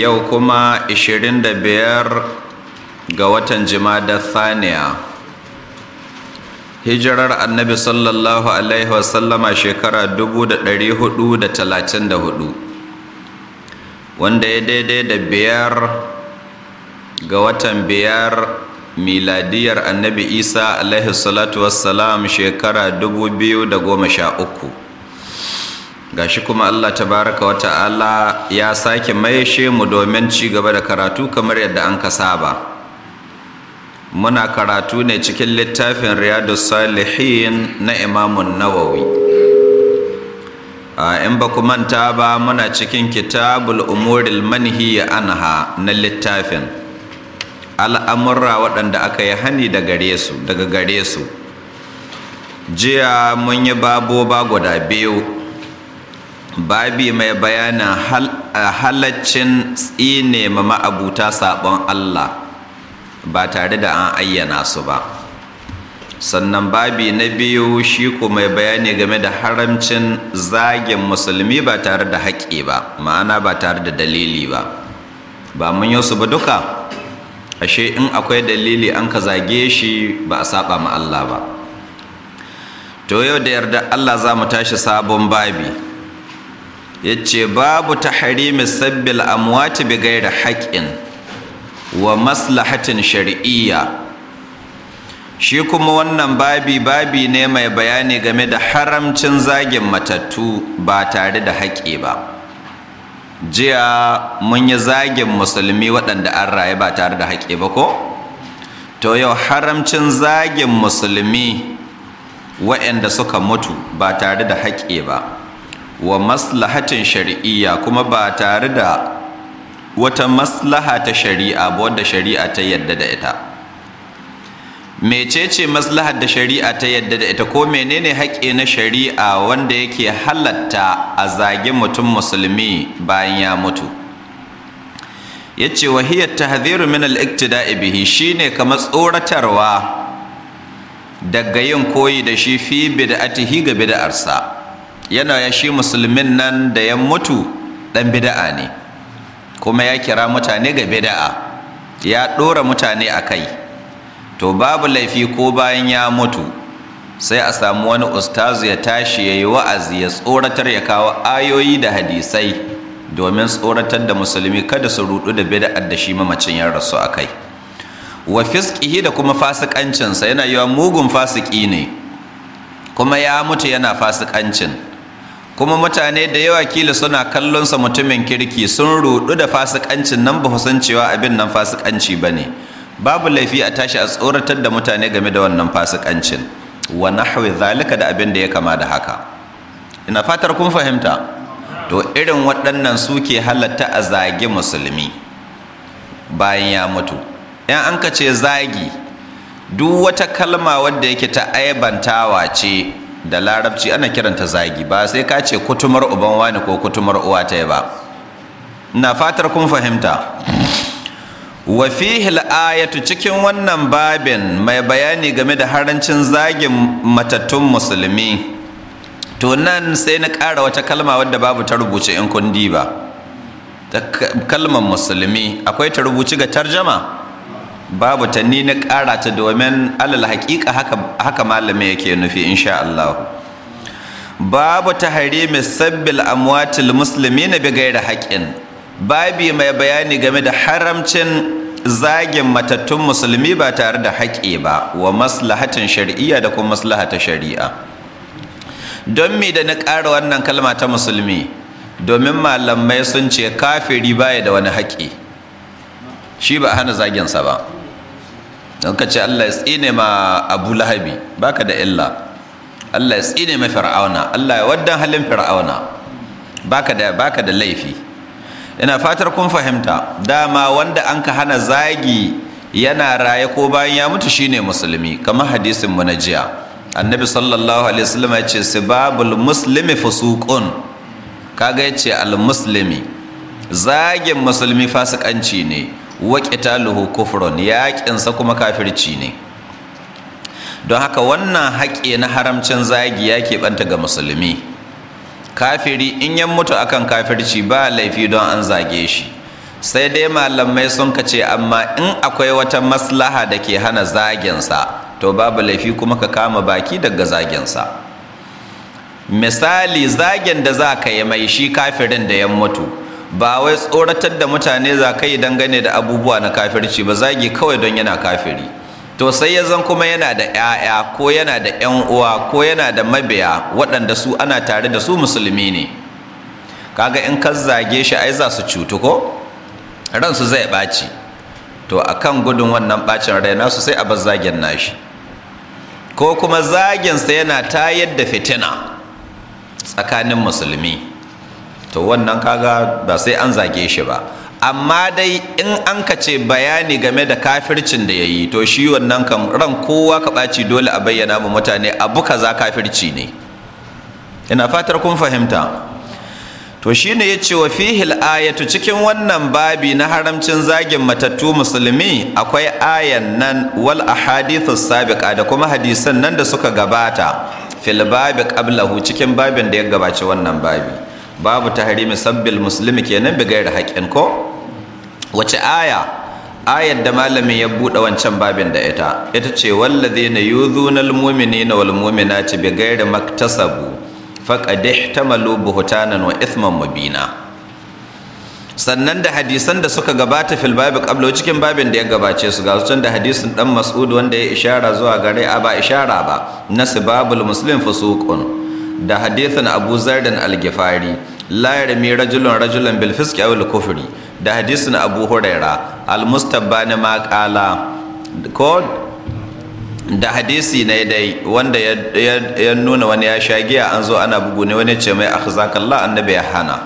yau kuma 25 ga watan jimada thaniya hijirar annabi sallallahu alaihi wasallama shekara 434 wanda ya daidai da biyar ga watan biyar miladiyar annabi isa alaihi salatu wassalam shekara 2013 gashi kuma Allah tabaraka wa ta'ala ya sake maishe mu domin ci gaba da karatu kamar yadda an ka saba muna karatu ne cikin littafin riyadu salihin na imamun nawawi in ba ku manta ba muna cikin kitabul umuril manhi anha na littafin al'amurra waɗanda aka yi hani daga gare su jiya mun yi ba guda biyu babi mai bayanin halaccin tsine ma ma'abuta sabon Allah ba tare da an ayyana su ba sannan babi na biyu shi ko mai bayani game da haramcin zagin musulmi ba tare da haƙƙi ba ma'ana ba tare da dalili ba ba mun yi su ba duka ashe in akwai dalili an ka zage shi ba a saba ma Allah ba to yau da yarda Allah za mu tashi sabon babi Ya ce babu ta tahrimi sabbil al’amwati bi da haƙin wa maslahatin shar'iyya shi kuma wannan babi babi ne mai bayani game da haramcin zagin matattu ba tare da haƙi ba jiya mun yi zagin musulmi waɗanda an raye ba tare da haƙi ba ko to yau haramcin zagin musulmi waɗanda suka mutu ba tare da haƙi ba wa maslahatin shari'iyya kuma ba tare da wata maslaha ta shari'a ba wadda shari'a ta yadda da ita mecece maslahar da shari'a ta yadda da ita ko menene haƙƙi na shari'a wanda yake halatta a zagi mutum musulmi bayan ya mutu ya ce wahiyar tahziru min al-iktida'i bihi shine kamar tsoratarwa daga yin koyi da shi fi bid'atihi ga bid'arsa yana ya shi musulmin nan da ya mutu ɗan bida'a ne kuma ya kira mutane ga bida'a ya ɗora mutane a kai to babu laifi ko bayan ya mutu sai a samu wani ustazu ya tashi ya yi wa'azi ya tsoratar ya kawo ayoyi da hadisai domin tsoratar da musulmi kada su rudu da bida'ar da shi mamacin ya rasu a kai wa fiskihi da kuma fasikancinsa yana yiwa mugun fasiki ne kuma ya mutu yana fasikancin kuma mutane da yawa kila suna kallon sa mutumin kirki sun rudu da fasikancin nan ba san cewa abin nan fasikanci bane babu laifi a tashi a tsoratar da mutane game da wannan fasikancin wa nahwi zalika da abin da ya kama da haka ina fatar kun fahimta to irin waɗannan suke halatta a zagi musulmi bayan ya mutu yan an ka ce zagi duk wata kalma wadda yake ta aibantawa ce da larabci ana kiranta zagi ba sai ka ce kutumar uban wani ko kutumar uwa ta ba na fatar kun fahimta wa fihi ayatu cikin wannan babin mai bayani game da harancin zagin matattun musulmi to nan sai na kara wata kalma wadda babu ta rubuce in kundi ba kalmar musulmi akwai ta rubuci ga tarjama babu tanni na ƙara ta domin alal haƙiƙa haka malamin yake nufi insha Allah babu tahrimi sabbil amwatil na bi gaira haƙin babi mai bayani game da haramcin zagin matattun musulmi ba tare da haƙi ba wa maslahatin shari'a da kuma maslahata shari'a don mi da na ƙara wannan kalma ta musulmi domin malamai sun ce kafiri baya da wani haƙƙi shi ba a hana zaginsa ba don ka ce Allah ya tsine ma Abu Lahabi baka da illa Allah ya tsine ma Fir'auna Allah ya waddan halin Fir'auna baka da da laifi ina fatar kun fahimta dama wanda an ka hana zagi yana raye ko bayan ya mutu shine musulmi kamar hadisin mu na jiya annabi sallallahu alaihi wasallam ya ce sibabul muslimi fusuqun kaga yace al muslimi zagin musulmi fasikanci ne waƙitaluhu qitaluhu yaƙinsa kuma kafirci ne don haka wannan haƙƙi na haramcin zagi ya keɓanta ga musulmi kafiri in ya mutu akan kafirci ba laifi don an zage shi sai dai malamai sun ka ce amma in akwai wata maslaha da ke hana zaginsa. to babu laifi kuma ka kama baki daga zaginsa. misali zagin da za ka yi mai shi kafirin da ya mutu ba wai tsoratar da mutane za ka yi dangane da abubuwa na kafirci ba zagi kawai don yana kafiri to sai ya zan kuma yana da 'ya'ya ko yana da 'yan uwa ko yana da mabiya waɗanda su ana tare da su musulmi ne kaga in ka zage shi ai za su cutu ko ransu zai ɓaci to a kan gudun wannan ɓacin rai nasu sai a bar zagen nashi ko kuma zagensa yana tayar da fitina tsakanin musulmi to wannan kaga ba sai an zage shi ba amma dai in an ka ce bayani game da kafircin da ya yi to shi wannan kan ran kowa ka ɓaci dole a bayyana mu mutane abu kaza kafirci ne ina fatar kun fahimta to shi ne ya ce wa fihil ayatu cikin wannan babi na haramcin zagin matattu musulmi akwai ayan nan wal ahadithu sabiqa da kuma hadisan nan da suka gabata fil babi qablahu cikin babin da ya gabaci wannan babi babu tahrimi sabbil muslimi kenan bi gairi haƙƙin ko wace aya ayar da malamin ya buɗe wancan babin da ita ita ce na yuzuna na wal ci bi gairi maktasabu ta malu buhutanan wa isman mubina sannan da hadisan da suka gabata fil babu qabla cikin babin da ya gabace su ga can da hadisin ɗan Mas'udu wanda ya ishara zuwa gare a ba ishara ba nasibabul muslim fusukun da hadithin abu zardin al-gifari la yarmi rajulun rajulan bil fiski kufri da hadisin abu huraira al-mustabbani ma qala ko da hadisi ne dai wanda ya nuna wani ya sha giya an zo ana bugu ne wani ce mai akhzakallah annabi ya hana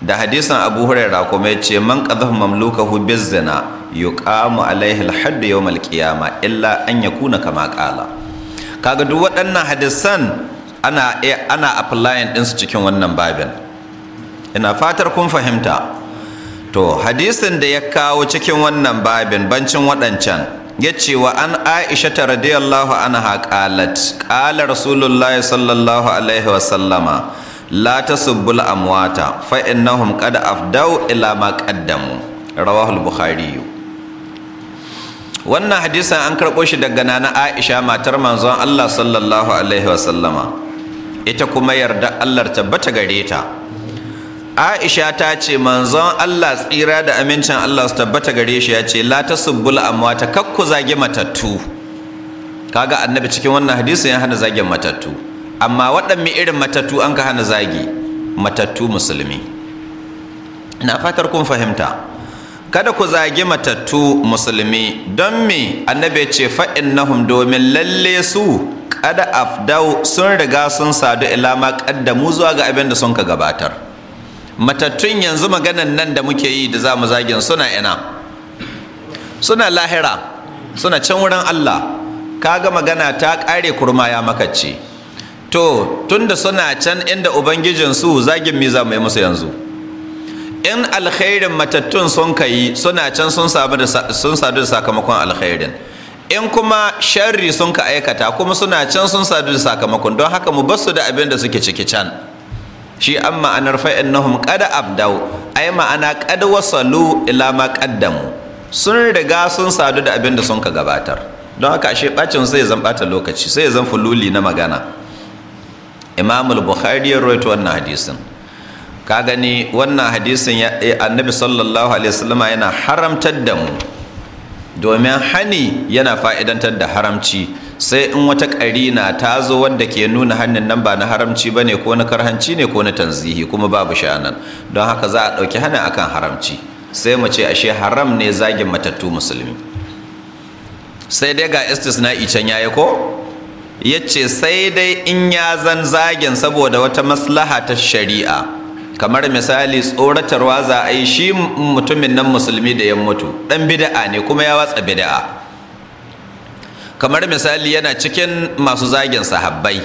da hadisan abu huraira kuma ya ce man qadhafa mamlukahu bizina yuqamu alaihi al-hadd yawm al-qiyamah illa an yakuna kama qala kaga duk waɗannan hadisan ana ana applying su cikin wannan babin ina fatar kun fahimta to hadisin da ya kawo cikin wannan babin bancin waɗancan ya ce wa an aisha ta radiyallahu anha haƙalat, ƙalar, rasulullahi sallallahu alaihi wa sallama la tasubbul amwata fa innahum qad afdau ila ma qaddamu rawahul bukhari wannan hadisin an karɓo shi daga nana aisha matar manzon Allah sallallahu alaihi wa ita kuma yarda Allah ta tabbata gare ta Aisha ta ce manzon Allah tsira da amincin Allah su tabbata gare shi ya ce la ta tasubbul amwata kakku zage matattu kaga annabi cikin wannan hadisi ya hana zagin matattu amma waɗanne irin matattu an ka hana zagi matattu musulmi na fatar kun fahimta kada ku zagi matattu musulmi don me annabi ya ce fa'innahum domin lalle su ada afdau sun riga sun sadu ila kaddamu zuwa ga abin da sun ka gabatar matattun yanzu maganan nan da muke yi da za mu zagin suna ina suna lahira suna can wurin Allah kaga magana ta kare kurma ya makacce to tunda suna can inda ubangijin su zagin me za yi musu yanzu in alkhairin matattun sun kai suna can sun sadu da sakamakon alkhairin in kuma sharri sun ka aikata kuma suna can sun sadu da sakamakon don haka mu basu da abin da suke ciki can shi an ma'anar fa'innahum qad abdau ai ma'ana qad wasalu ila ma qaddamu sun riga sun sadu da abin da sun ka gabatar don haka ashe bacin sai zan bata lokaci sai zan fululi na magana imamul bukhari ya rawaito wannan hadisin ka gani wannan hadisin eh, annabi sallallahu alaihi wasallama yana haramtar da mu domin hani yana fa'idantar da haramci sai in wata ƙarina ta zo wanda ke nuna hannun nan ba na haramci ba ne ko na karhanci ne ko na tanzihi kuma babu sha'anan don haka za a ɗauki hana akan haramci sai mu ce ashe haram ne zagin matattu musulmi sai dai ga istisna'i can yi ko Ya ce sai dai in ya zan zagin saboda wata maslaha ta shari'a kamar misali tsoratarwa za a yi shi mutumin nan musulmi da yan mutu ɗan bida'a ne kuma ya watsa bida'a. kamar misali yana cikin masu zagin sahabbai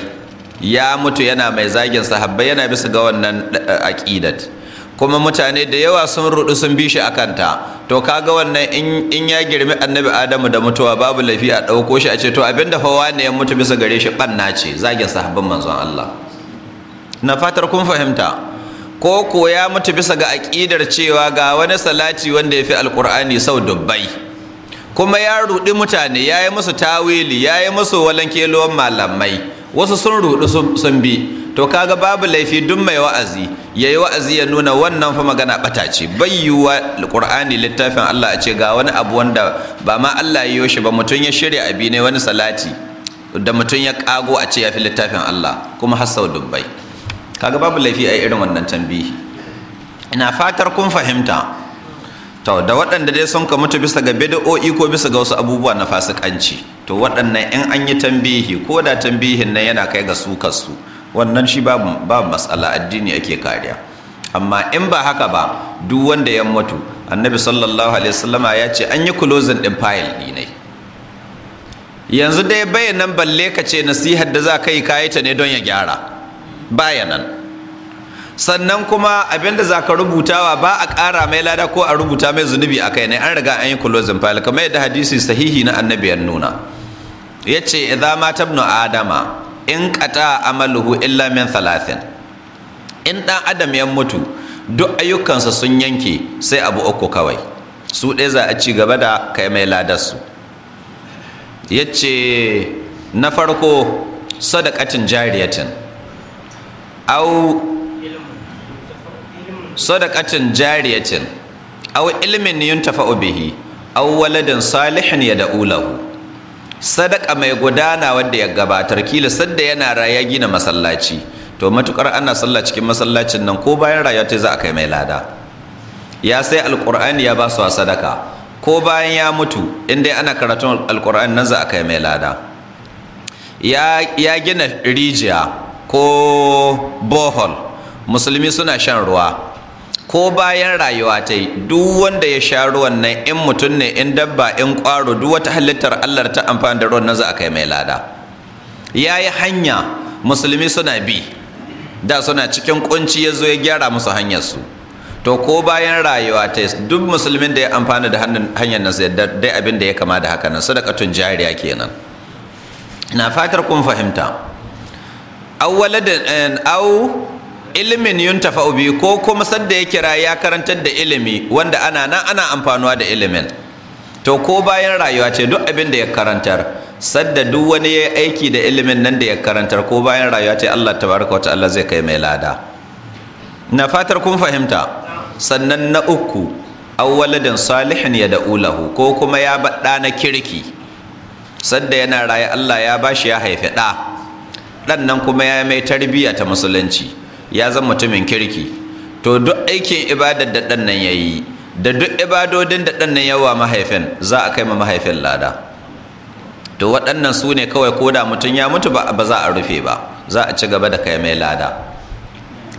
ya mutu yana mai zagin sahabbai yana bisa ga wannan eh, aƙidat kuma mutane da yawa sun rudu sun bi shi a kanta. to kaga wannan in ya girmi annabi adamu da mutuwa babu lafi a ɗauko shi a ce to da fawa ne ya mutu bisa gare shi ɓanna ce zagin sahabban manzon Allah na fatar kun fahimta ko ko ya mutu bisa ga aƙidar cewa ga wani salati wanda ya fi alƙur'ani sau dubbai kuma ya ruɗi mutane ya yi musu tawili ya yi musu walankeluwan malamai wasu sun ruɗu sun bi to kaga babu laifi duk mai wa'azi ya yi wa'azi ya nuna wannan fa magana ɓata ce bayyuwa alƙur'ani littafin Allah a ce ga wani abu wanda ba ma Allah ya yi shi ba mutum ya shirya abi ne wani salati da mutum ya ƙago a ce ya fi littafin Allah kuma hasau dubbai kaga babu laifi a irin wannan tambihi ina fatar kun fahimta to da waɗanda dai sun ka mutu bisa ga bid'o'i ko bisa ga wasu abubuwa na fasikanci to waɗannan in an yi tambihi ko da tambihin nan yana kai ga su kasu wannan shi babu babu matsala addini ake kariya amma in ba haka ba duk wanda ya mutu annabi sallallahu alaihi wasallama ya ce an yi closing din file dinai yanzu dai bayanan balle ka ce nasihar da za ka yi kayi ta ne don ya gyara baya nan sannan kuma abinda za ka rubutawa ba a ƙara mai lada ko a rubuta mai zunubi a kai ne an riga an yi kulozin fayil kamar yadda hadisi sahihi na annabi ya nuna ya ce idza ma ibnu adama in qata amaluhu illa min thalathin in dan adam ya mutu duk ayyukansa sun yanke sai abu uku kawai su ɗaya za a ci gaba da kai mai ladarsu ya ce na farko sadakatin jariyatin au sadaqatin jariyatin au ilmin yuntafa'u bihi au waladin salihin yad'u lahu sadaka mai gudana wanda ya gabatar kila sadda yana raya gina masallaci to matukar ana sallah cikin masallacin nan ko bayan rayuwa ta za a kai mai lada ya sai alqur'ani ya ba su sadaka ko bayan ya mutu inda ana karatun alkur'ani nan za a kai mai lada ya gina rijiya ko bohol musulmi suna shan ruwa ko bayan rayuwa ta yi duk wanda ya sha ruwan nan in mutum ne in dabba in kwaro duk wata halittar allah ta amfani da ruwan nan za a kai mai lada ya yi hanya musulmi suna bi da suna cikin kunci ya zo ya gyara musu hanyarsu to ko bayan rayuwa ta yi duk musulmin da ya amfani da hanyar nan zai dai abin da ya kama da haka nan sadakatun jariya kenan na fatar kun fahimta awwaladan eh, au ilimin yuntafa ubi ko kuma sadda ya kira ya karantar da ilimi wanda ana nan ana amfanuwa da ilimin to ko bayan rayuwa ce duk abin da ya karantar sadda duk wani ya aiki da ilimin nan da ya karantar ko bayan rayuwa ce Allah tabaraka wa ta'ala zai kai mai lada na fatar kun fahimta sannan na uku awwaladin salihin ya da ulahu ko kuma ya baɗa na kirki sadda yana raye Allah ya bashi ya haifi ɗa ɗan nan kuma ya mai tarbiyya ta musulunci ya zan mutumin kirki to duk aikin ibadar da ɗan nan ya yi da duk ibadodin da ɗan nan yawa mahaifin za a kai ma mahaifin lada to waɗannan su ne kawai ko da mutum ya mutu ba za a rufe ba za a ci gaba da kai mai lada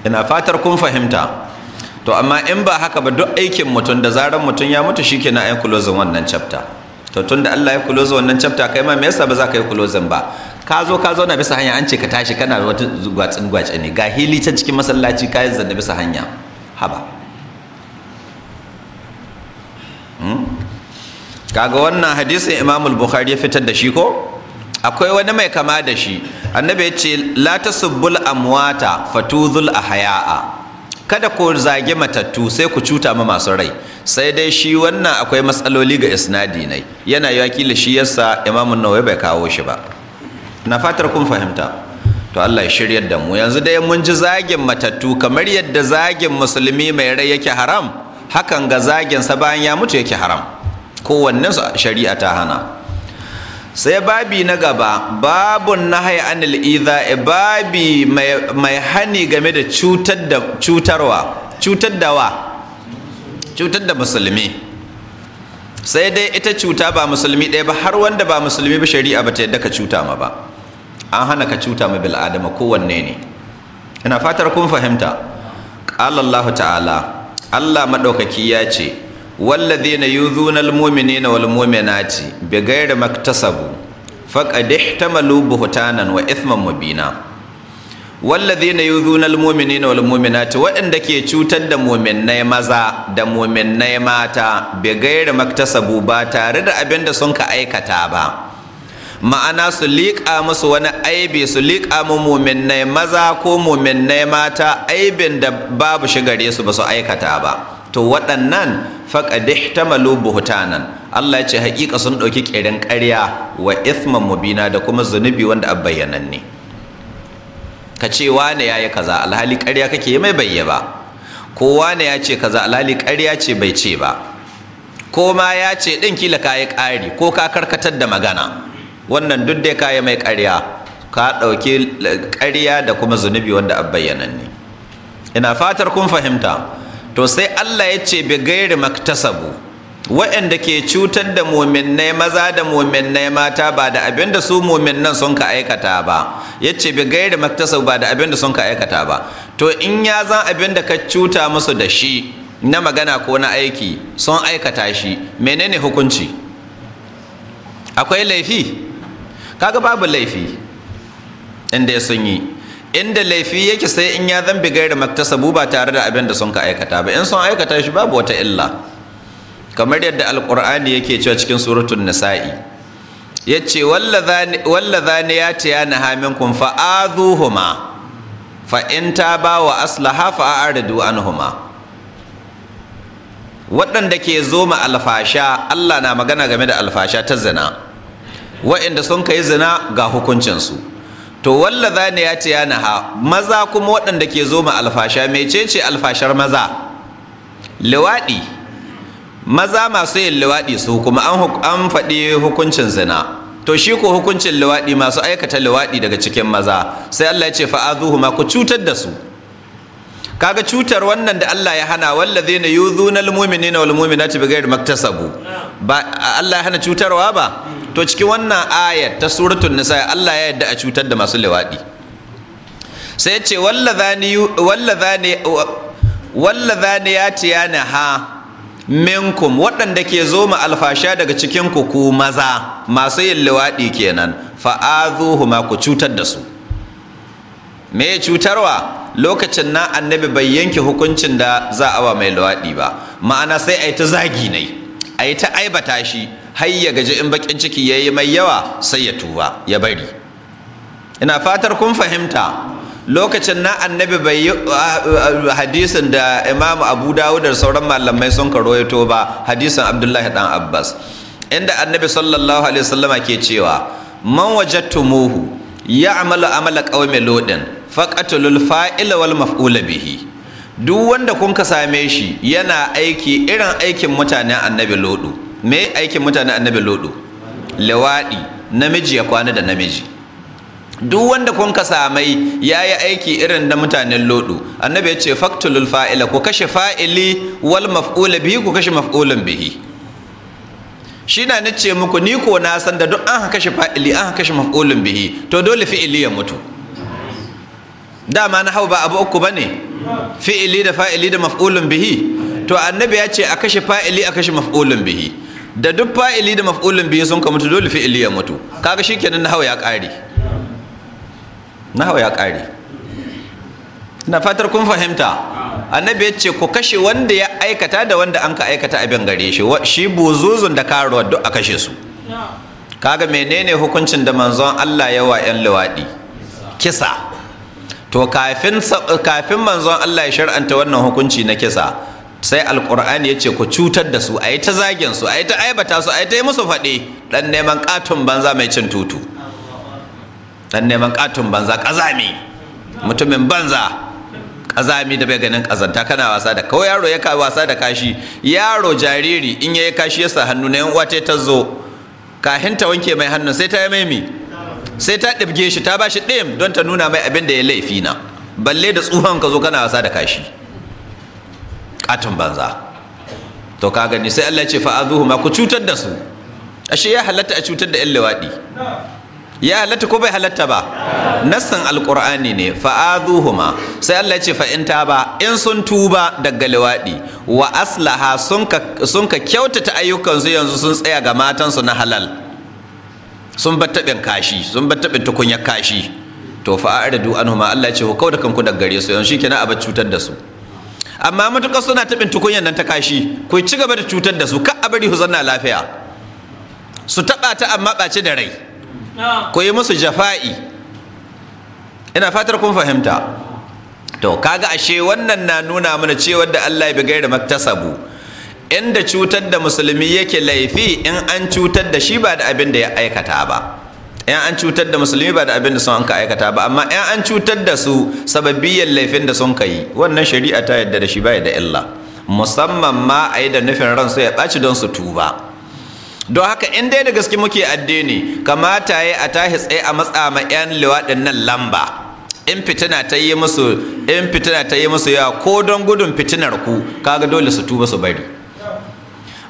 ina fatar kun fahimta to amma in ba haka ba duk aikin mutum da zarar mutum ya mutu na ayi kulozin wannan chapter to tunda Allah ya kulozin wannan chapter kai ma me yasa ba za ka yi kulozin ba ka zo ka zauna bisa hanya an ce ka tashi kana wata gwatsin gwace ne ga hili ta cikin masallaci ka yi zanne bisa hanya haba hmm? kaga wannan hadisin imamul bukhari ya fitar da shi ko akwai wani mai kama da shi annabi ya ce la tasubbul amwata a haya'a. kada ku zage matattu sai ku cuta ma masu rai sai dai shi wannan akwai matsaloli ga isnadi ne yana yi wakila shi yasa imamun nawawi bai kawo shi ba na fatar kun fahimta to Allah ya shiryar da mu yanzu dai mun ji zagin matattu kamar yadda zagin musulmi mai rai yake haram hakan ga zagin sa bayan ya mutu yake haram kowannen su shari'a ta hana sai babi na gaba babun nahai anil idha babi mai hani game da cutar da cutarwa cutar da wa cutar da musulmi sai dai ita cuta ba musulmi ɗaya ba har wanda ba musulmi ba shari'a ba ta yadda ka cuta ma ba an hana ka cuta ma bil'adama, kowanne ne ina fatar kun fahimta qala Allah ta'ala Allah madaukaki ya ce na yuzuna na wal mu'minati bighairi maktasabu faqad ihtamalu buhtanan wa ithman mubina walladhina yuzuna almu'minina na mu'minati waɗanda ke cutar da mu'minnai maza da mu'minnai mata bighairi maktasabu ba tare da abin da sun ka aikata ba ma'ana su liƙa musu wani aibi su liƙa mu muminnai maza ko muminnai mata aibin da babu shigare su ba su aikata ba to waɗannan ta malu buhutanan Allah ya ce haƙiƙa sun ɗauki ƙirin ƙarya wa ithman mubina da kuma zunubi wanda bayyanan ne ka ce wane ya yi kaza alhali ƙarya kake yi mai bayye ba Ko wane ya ce kaza alhali ƙarya ce bai ce ba ko ma ya ce ɗin kila ka yi ƙari ko ka karkatar da magana wannan duk dai kaya mai ƙarya ka ɗauki ƙarya da kuma zunubi wanda a ne ina fatar kun fahimta to sai Allah ya ce bi gairi maktasabu waɗanda ke cutar da muminnai maza da muminnai mata ba da abin da su muminnan sun ka aikata ba ya ce bi gairi maktasabu ba da abin sun ka aikata ba to in ya zan abinda ka cuta musu da shi na magana ko na aiki sun aikata shi menene hukunci akwai laifi kaga babu laifi inda ya sun yi inda laifi yake sai in ya zambi gaira maktasabu ba tare da abin da sun ka aikata ba in sun aikata shi babu wata illa kamar yadda alkur'ani yake cewa cikin suratun nisa'i ya ce zani ya ce ya hamin kun fa'azuhuma fa in ta ba wa aslaha fa'aridu anhuma waɗanda ke zo ma alfasha Allah na magana game da alfasha ta zina wa'inda sun kai zina ga hukuncinsu to walla za ne ya ce ya naha maza kuma waɗanda ke zo ma alfasha mecece alfashar maza liwaɗi maza masu yin liwaɗi su kuma an faɗi hukuncin zina to shi ko hukuncin liwaɗi masu aikata liwaɗi daga cikin maza sai Allah ya ce fa'azuhuma ku cutar da su kaga cutar wannan da Allah ya hana wallazina yuzuna almu'minina walmu'minati bigayar maktasabu ba Allah ya hana cutarwa ba to cikin wannan ayat ta suratul nisa Allah ya yarda a cutar da masu liwadi sai ya ce wallazani ya ha minkum waɗanda ke zo ma alfasha daga cikin ku ku maza masu yin liwadi kenan fa'azuhuma ku cutar da su me cutarwa lokacin na annabi bai yanke hukuncin da za a wa mai liwadi ba ma'ana sai a yi ta zagi ne a yi ta aibata shi har ya gaji in bakin ciki ya yi mai yawa sai ya tuba ya bari ina fatar kun fahimta lokacin na annabi bai yi hadisin da imamu abu dawud da sauran malamai sun karo ya ba hadisin abdullahi dan abbas inda annabi sallallahu alaihi wasallama ke cewa man ya ya amala qaumi lodin faqatul fa'ila wal maf'ula bihi duk wanda kun ka same shi yana aiki irin aikin mutanen annabi lodu me aikin mutane annabi lodo lawadi namiji ya kwana da namiji duk wanda kun ka samai ya yi aiki irin da mutanen lodo annabi ya ce faktulul fa'ila ku kashe fa'ili wal maf'ula bihi ku kashe maf'ulun bihi shi na ni ce muku ni ko na san da duk an kashe fa'ili an kashe maf'ulun bihi to dole fi'ili ya mutu dama na hau ba abu uku bane fi'ili da fa'ili da maf'ulun bihi to annabi ya ce a kashe fa'ili a kashe maf'ulun bihi da duk fa'ili da maf'ulin biyu sun ka mutu dole fi'ili ya mutu kaga shikenan nahwa ya kare nahwa ya kare ina fatar kun fahimta annabi ya ce ku kashe wanda ya aikata da wanda an ka aikata abin gare shi shi buzuzun da karuwa duk a kashe su kaga menene hukuncin da manzon Allah yawa yan luwaɗi kisa to kafin manzon Allah ya shar'anta wannan hukunci na kisa sai alkur'ani ya ce ku cutar da su a yi ta zagen su a yi ta aibata su a yi ta yi musu faɗi ɗan neman ƙatun banza mai cin tutu ɗan neman ƙatun banza ƙazami mutumin banza ƙazami da bai ganin ƙazanta kana wasa da kawai yaro ya wasa da kashi yaro jariri in ya yi kashi ya sa hannu na yan ta zo kahin ta wanke mai hannun sai ta yi mai mi sai ta ɗibge shi ta ba shi ɗim don ta nuna mai abin da ya laifi na balle da tsohon ka zo kana wasa da kashi katon banza to ka gani sai Allah ya ce fa'azuhu ma ku cutar da su ashe ya halatta a cutar da 'yan lewaɗi ya halatta ko bai halatta ba nassan alkur'ani ne ma. sai Allah ya ce fa in ba in sun tuba daga lewaɗi wa aslaha sun ka kyautata ayyukansu yanzu sun tsaya ga matansu na halal sun battaɓin kashi sun battaɓin tukunyar kashi to da a'ridu anhuma Allah ya ce ku kauda kanku daga gare su yanzu shikenan a cutar da su amma matukar suna taɓin tukunyan nan ta kashi ku ci gaba da cutar da su ka a bari zanna lafiya su taɓa ta amma ɓaci da rai ku yi musu jafa'i ina fatar kun fahimta to kaga ashe wannan na nuna mana cewa da Allah bi gaira maktasabu inda cutar da musulmi yake laifi in an cutar da shi ba da abin da ya aikata ba yan an cutar da musulmi ba da abin da sun ka aikata ba amma yan an cutar da su sababiyyar laifin da sun kai wannan shari'a ta yadda da shi ba da illa musamman ma a yi da nufin ran su ya ɓaci don su tuba don haka in dai da gaske muke addini kamata ya a tahi tsaye a matsa ma yan liwaɗin nan lamba in fitina ta yi musu in fitina ta yi musu yawa ko don gudun fitinar ku kaga dole su tuba su bari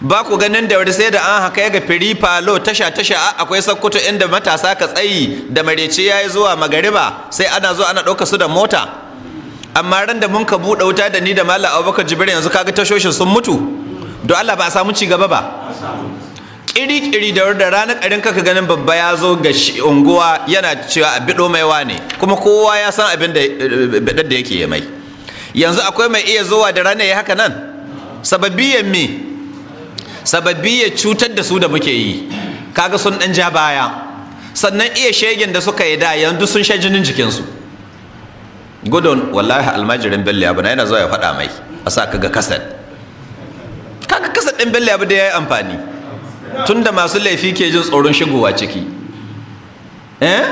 ba ku ganin da wani sai da an haka ya ga firi falo tasha tasha akwai sakkwato inda matasa ka tsayi da marece ya yi zuwa magariba sai ana zuwa ana ɗauka su da mota amma ran da mun ka buɗe wuta da ni da Mallam abubakar jibrin yanzu kaga tashoshin sun mutu don allah ba a samu ci gaba ba kiri-kiri da da ranar ƙarin kaka ganin babba ya zo ga unguwa yana cewa a biɗo maiwa ne kuma kowa ya san abin da da yake mai yanzu akwai mai iya zuwa da rana ya haka nan Sababiyan me sababbi ya cutar da su da muke yi kaga sun dan ja baya sannan iya shegen da suka yi da yanzu sun sha jinin jikinsu gudun wallahi almajirin bello abu na yana zuwa ya faɗa mai a sa kaga kasar kaga kasar ɗin bello abu da ya yi amfani tun da masu laifi ke jin tsoron shigowa ciki eh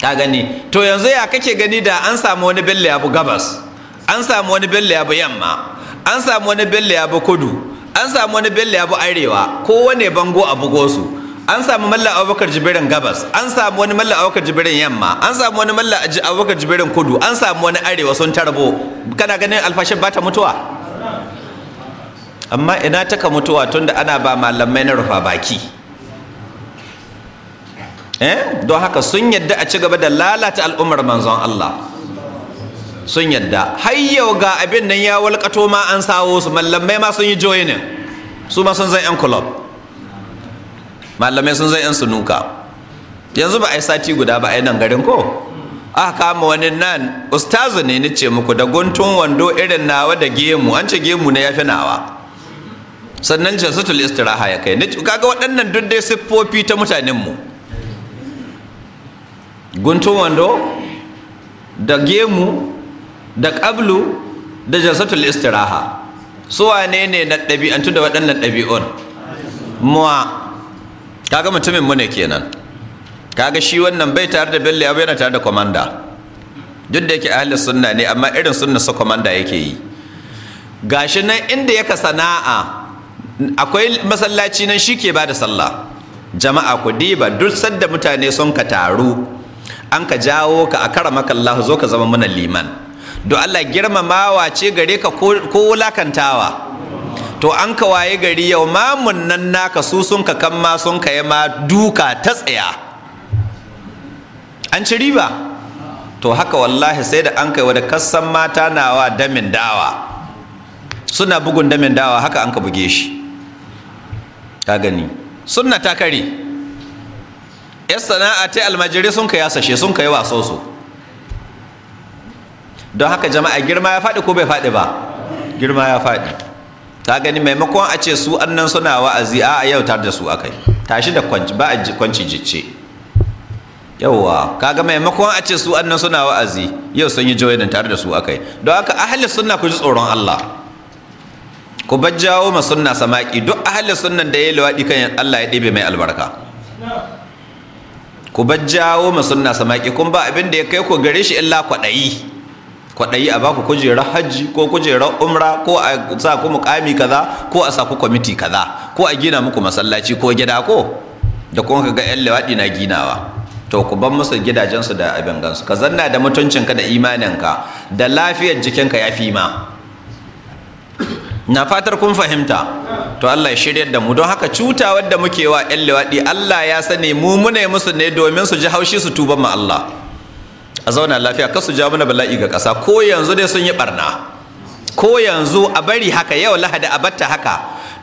ka gani to yanzu ya kake gani da an samu wani bello abu gabas an samu wani bello abu yamma an samu wani bello abu kudu an samu wani bello ya bu arewa ko wane bango a bugo su an samu malla abubakar jibirin gabas an samu wani malla abubakar jibirin yamma an samu wani malla abubakar jibirin kudu an samu wani arewa sun tarbo kana ganin alfashin ba ta mutuwa amma ina taka mutuwa tunda ana ba malamai na rufa baki eh don haka sun yadda a ci gaba da lalata al'ummar manzon Allah sun yadda har yau ga abin nan ya walƙato ma an sawo su mallamai ma sun yi joinin su ma sun zai yan club mallamai sun zai yan sunuka yanzu ba a yi sati guda ba a yi nan garin ko A kama wani nan ustazu ne ni ce muku da guntun wando irin nawa da gemu an ce gemu na ya fi nawa sannan jalsatul istiraha ya kai kaga waɗannan duk dai siffofi ta mutanenmu guntun wando da gemu da ƙablu da jasatul istiraha su wane ne na ɗabi'antu da waɗannan ɗabi'un muwa kaga mutumin mu ne kenan kaga shi wannan bai tare da belle abu yana tare da komanda duk da yake ahalin sunna ne amma irin sunna su komanda yake yi gashi nan inda yaka sana'a akwai masallaci nan shi ke bada sallah jama'a ku diba duk sadda mutane sun ka taru an ka jawo ka a kara maka Allah zo ka zama mana liman don Allah girmamawa ce gare ka ko wulakantawa to an ka waye gari yau mamun nan naka su sun ka kan ma sun ka ma duka ta tsaya an ci riba to haka wallahi sai da an kaiwa da kassan mata nawa damin dawa suna bugun damin dawa haka an ka buge shi ta gani suna ta kare 'yan sana'a ta almajiri sun ka yasashe sun ka yi waso su don haka jama'a girma ya faɗi ko bai faɗi ba girma ya faɗi ta gani maimakon a ce su annan suna wa'azi a yau tar da su akai tashi da kwanci ba a kwanci jicce yauwa kaga maimakon a ce su annan suna wa'azi yau sun yi joyinin tare da su akai don haka ahli sunna ku ji tsoron Allah ku bajjawo ma sunna samaki duk ahli sunan da ya lawadi kan Allah ya ɗebe mai albarka ku bajjawo ma sunna samaki kun ba abin da ya kai ku gare shi illa kwaɗayi kwaɗayi a baku kujerar hajji ko kujerar umra ko a sa ku mukami kaza ko a sa ku kwamiti kaza ko a gina muku masallaci ko gida ko da kuma ga yan lewaɗi na ginawa to ku ban musu gidajensu da abin gansu ka zanna da mutuncinka da imaninka da lafiyar jikinka ya fi ma na fatar kun fahimta to Allah ya shiryar da mu don haka cutawar da muke wa 'yan lewaɗi Allah ya sani mu mune musu ne domin su ji haushi su tuba mu Allah a zauna lafiya kasu ja mana bala'i ga ƙasa ko yanzu dai sun yi barna ko yanzu a bari haka yau lahadi a batta haka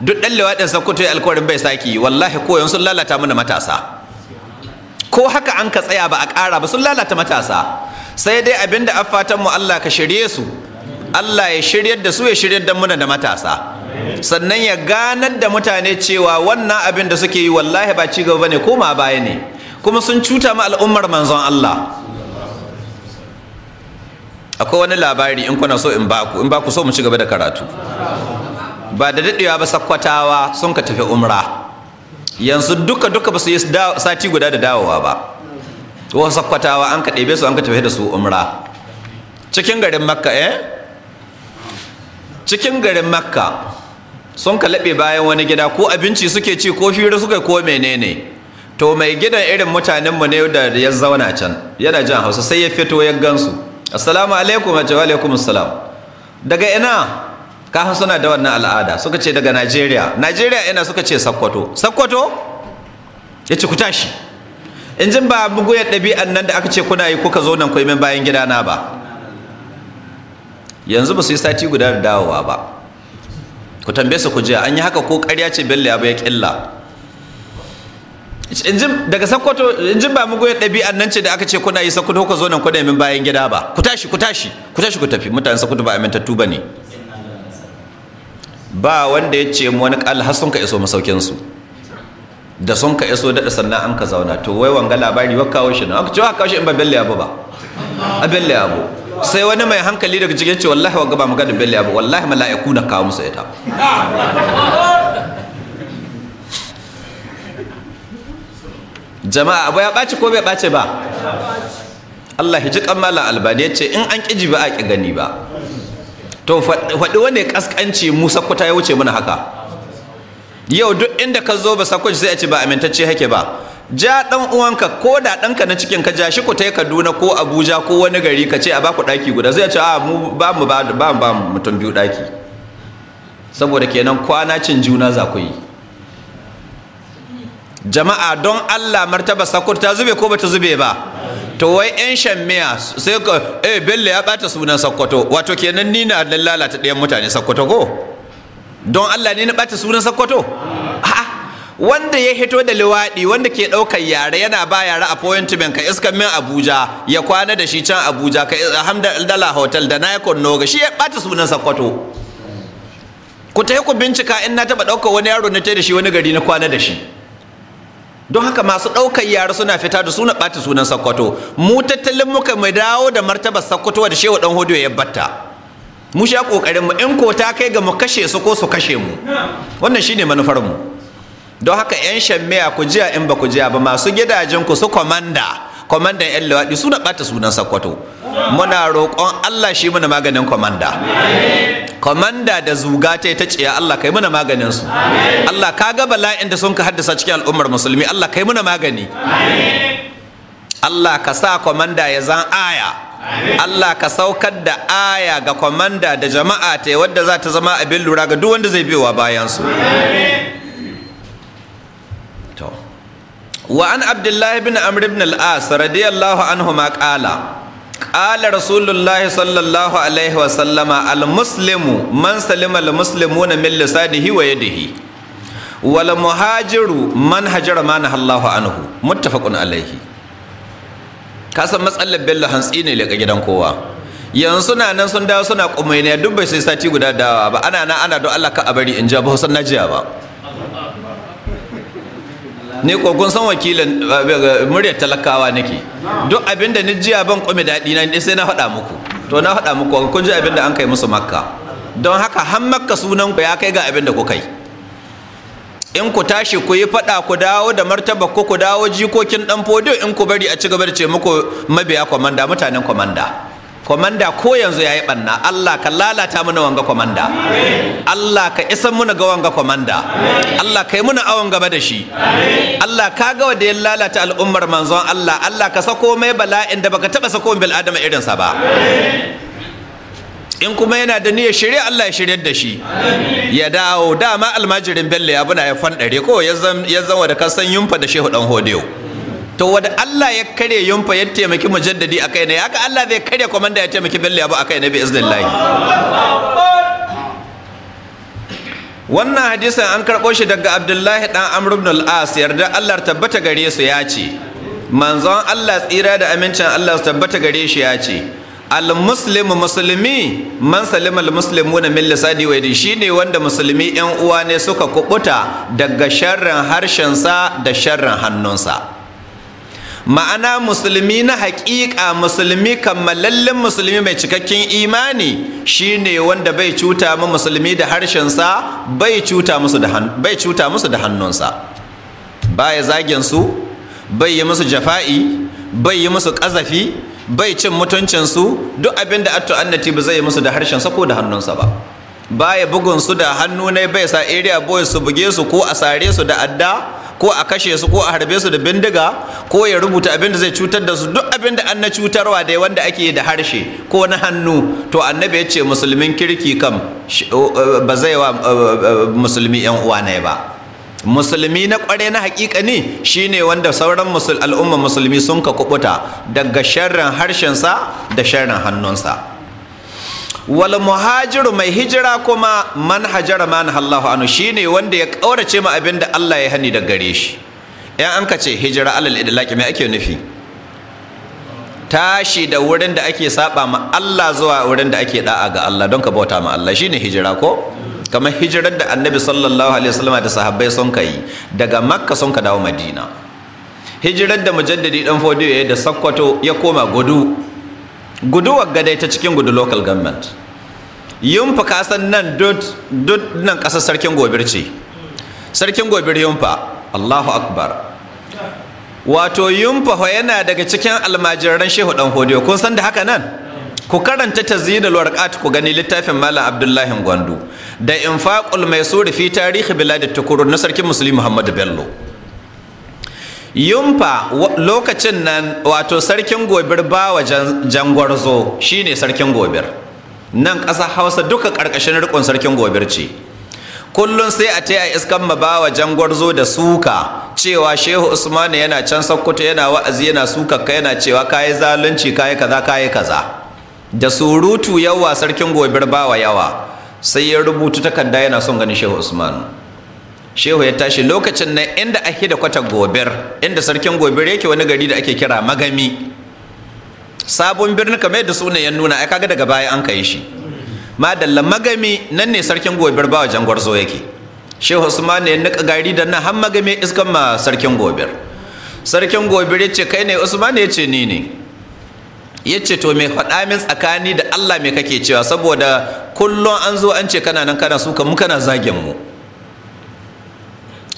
duk ɗan lewaɗin sakkwato ya alkawarin bai saki wallahi ko yanzu sun lalata mana matasa ko haka an ka tsaya ba a ƙara ba sun lalata matasa sai dai abinda a fatan mu Allah ka shirye su Allah ya shiryar da su ya shiryar da muna da matasa sannan ya ganar da mutane cewa wannan abin da suke yi wallahi ba ci gaba bane koma baya ne kuma sun cuta ma al'ummar manzon Allah akwai wani labari in kuna so in baku in baku so mu ci gaba da karatu ba da daɗewa ba sakkwatawa sun ka tafi umra yanzu duka duka ba su yi sati guda da dawowa ba wasu sakkwatawa an ka ɗebe su an ka tafi da su umra cikin garin makka eh cikin garin makka sun ka laɓe bayan wani gida ko abinci suke ci ko fira suka ko menene to mai gidan irin mutanenmu ne da ya zauna can yana jan hausa sai ya fito ya gansu assalamu alaikum wa alaikum assalam daga ina kafin suna da wannan al'ada suka ce daga najeriya najeriya ina suka ce sakkwato sakkwato ya ce ku tashi in jin ba buguyar ɗabi'an nan da aka ce kuna yi kuka zo nan ku min bayan gidana ba yanzu ba su yi sati guda da dawowa ba ku tambaye su ku je an yi haka ko ƙarya ce bello ya bai ƙilla daga sakkwato injin ba mugu ya ɗabi'an nan ce da aka ce kuna yi sakkwato ku zo nan kuna min bayan gida ba ku tashi ku tashi ku tashi ku tafi mutane sakkwato ba amintattu ba ne ba wanda ya ce wani ƙal har sun ka iso masaukinsu da sun ka iso daɗa sannan an ka zauna to wai wanga labari wa kawo shi nan aka ce wa kawo shi in ba belle abu ba a belle abu sai wani mai hankali daga cikin ce wallahi wanga ba maganin belle abu wallahi mala'iku na kawo musu ita jama'a abu ya ɓaci ko bai ɓace ba Allah ya ji kammala albani ya ce in an ƙiji ba a ƙi gani ba to faɗi wani ƙasƙanci musa kuta ya wuce mana haka yau duk inda ka zo ba sakwaci sai a ce ba amintacce hake ba ja ɗan uwanka ko da ɗanka na cikin ka ja shi ku ta kaduna ko abuja ko wani gari ka ce a baku ɗaki guda zai ce a mu ba mu ba mu mutum biyu ɗaki saboda kenan kwana cin juna za ku yi jama'a don Allah martaba sakur ta zube ko bata zube ba to wai yan shammiya sai ka eh bello ya bata sunan sakkwato wato kenan ni na lalata ɗayan mutane sakkwato ko don Allah ne na bata sunan sakkwato wanda ya hito da liwaɗi wanda ke ɗaukar yare yana ba yare appointment ka iska min abuja ya kwana da shi can abuja ka hamdala hotel da na noga shi ya ɓata sunan sakkwato ku ta ku bincika in na taɓa ɗaukar wani yaro na ta da shi wani gari na kwana da shi don haka masu ɗaukar yara suna fita da suna ɓata sunan sakkwato mu tattalin muka mai dawo da martabar sakkwato da shehu ɗan hudu ya batta mu sha ƙoƙarin mu in ko ta kai ga mu kashe su ko su kashe mu wannan shine manufar mu don haka yan shammiya ku jiya in ba ku jiya ba masu gidajen ku su kwamanda kwamandan yan lawaɗi suna ɓata sunan sakkwato muna roƙon Allah shi muna maganin komanda komanda da zuga ta ta ciya Allah kai muna maganin su Allah ka ga bala'in da sun ka haddasa cikin al'ummar musulmi Allah kai muna magani Allah ka sa komanda ya zan aya Allah ka saukar da aya ga kwamanda da jama'a ta wadda za ta zama abin lura ga duk wanda zai biyo bayansu. Wa an Abdullahi bin Amr ibn al radiyallahu anhu ma qala Ƙala Rasulullahi sallallahu Alaihi wasallama al-Muslimu man salima al-Muslimu na min lisanihi wa yadihi wal muhajiru man hajara na Allahu anhu muttafaqun alaihi ka san matsalar bello hantsi ne daga gidan kowa yanzu na nan sun dawo suna kumaina duk bai sai sati guda dawa ba ana nan ana don Allah ka bari in ja ba san jiya ba ne ko san wakilin eh, eh, muryar talakawa nake duk abinda ni jiya ban kome daɗi na ne sai na faɗa muku to na faɗa muku kun ji da an kai musu makka don haka har makka sunan ku ya kai ga abinda ku kai in ku tashi ku yi faɗa ku dawo da martaba ku ku dawo jikokin dan fodiyo in ku bari a ci gaba da ce muku mabiya kwamanda mutanen kwamanda Komanda ko yanzu ya yi ɓanna Allah ka lalata mana wanga komanda. Allah ka isan muna ga wanga komanda. Allah ka yi muna awon gaba da shi Allah ka ga wanda ya lalata al'ummar manzon Allah Allah ka sako mai bala'in da baka taɓa sako bil adama irinsa ba in kuma yana da niyyar shirya Allah ya shirya da shi ya dawo dama almajirin bello ya buna ya fanɗare ko ya zan wa da kasan yumfa da shehu ɗan hodeo to wanda Allah ya kare yunfa ya taimaki mujaddadi a kai ne haka Allah zai kare komanda ya taimaki bello abu a kai ne bi iznillahi wannan hadisin an karɓo shi daga abdullahi dan amr ibn al-as yarda Allah tabbata gare su ya ce manzon Allah tsira da amincin Allah tabbata gare shi ya ce al-muslimu musulmi man salima al-muslimuna min lisani wa shine wanda musulmi yan uwa ne suka kubuta daga sharrin harshensa da sharrin hannunsa ma'ana musulmi na haƙiƙa musulmi kammalallin musulmi mai cikakken imani shine wanda bai cuta mu musulmi da harshensa bai cuta musu da hannunsa baya zagin su bai yi musu jafa'i bai yi musu ƙazafi bai cin mutuncinsu duk abin da atto annati ba zai yi musu da harshensa ko da hannunsa ba baya bugun su da hannu ne bai sa area boys su buge su ko a sare su da adda ko a kashe su ko a harbe su da bindiga ko ya rubuta abin da zai cutar da su duk abin da an na cutarwa dai wanda ake da harshe ko na hannu to annabi ya ce musulmin kirki kam ba zai wa musulmi yan uwa ne ba musulmi na kware na hakika ne shine wanda sauran al'umma musulmi sun ka kubuta daga sharrin sa da sharrin hannunsa wal muhajiru mai hijira kuma man hajara man Allahu anhu shine wanda ya ƙaurace ma abin da Allah ya hani da gare shi yan an ka ce hijira alal idlaki me ake nufi tashi da wurin da ake saba ma Allah zuwa wurin da ake da'a ga Allah don ka bauta ma Allah shine hijira ko kamar hijirar da annabi sallallahu alaihi wasallam da sahabbai sun kai daga makka sun ka dawo madina hijirar da mujaddadi dan fodiyo ya da sakkwato ya koma gudu guduwar gadai ta cikin gudu local government yunfa kasan nan duk nan kasar sarkin gobir ce sarkin gobir fa allahu akbar wato yunfa yana daga cikin almajiran shehu dan hodiyo kun san da haka nan ku karanta ta tazyidul warqat ku gani littafin malam abdullahi gwandu da infaqul mai surufi, tarihi biladit tukuru na sarkin musulmi muhammadu bello yumfa lokacin nan wato sarkin gobir bawa jangwarzo shine sarkin gobir nan ƙasa hausa duka ƙarƙashin rikon sarkin gobir ce kullum sai a ta a iskan ma bawa jangwarzo da suka cewa shehu usmanu yana can sakkwato yana wa'azi yana suka ka yana cewa kayi zalunci kayi kaza kayi kaza da surutu yawa sarkin gobir bawa yawa sai ya rubutu takarda yana son ganin shehu usmanu shehu ya tashi lokacin na inda ake da kwata gobir inda sarkin gobir yake wani gari da ake kira magami sabon birni kamar yadda suna ya nuna ai kaga daga baya an kai shi madalla magami nan ne sarkin gobir ba wajen gwarzo yake shehu usman ya nika gari da nan har magami iskan ma sarkin gobir sarkin gobir ya ce kai ne usman ya ce ni ne ya ce to mai faɗa min tsakani da allah mai kake cewa saboda kullum an zo an ce kana nan kana suka mu kana zagin mu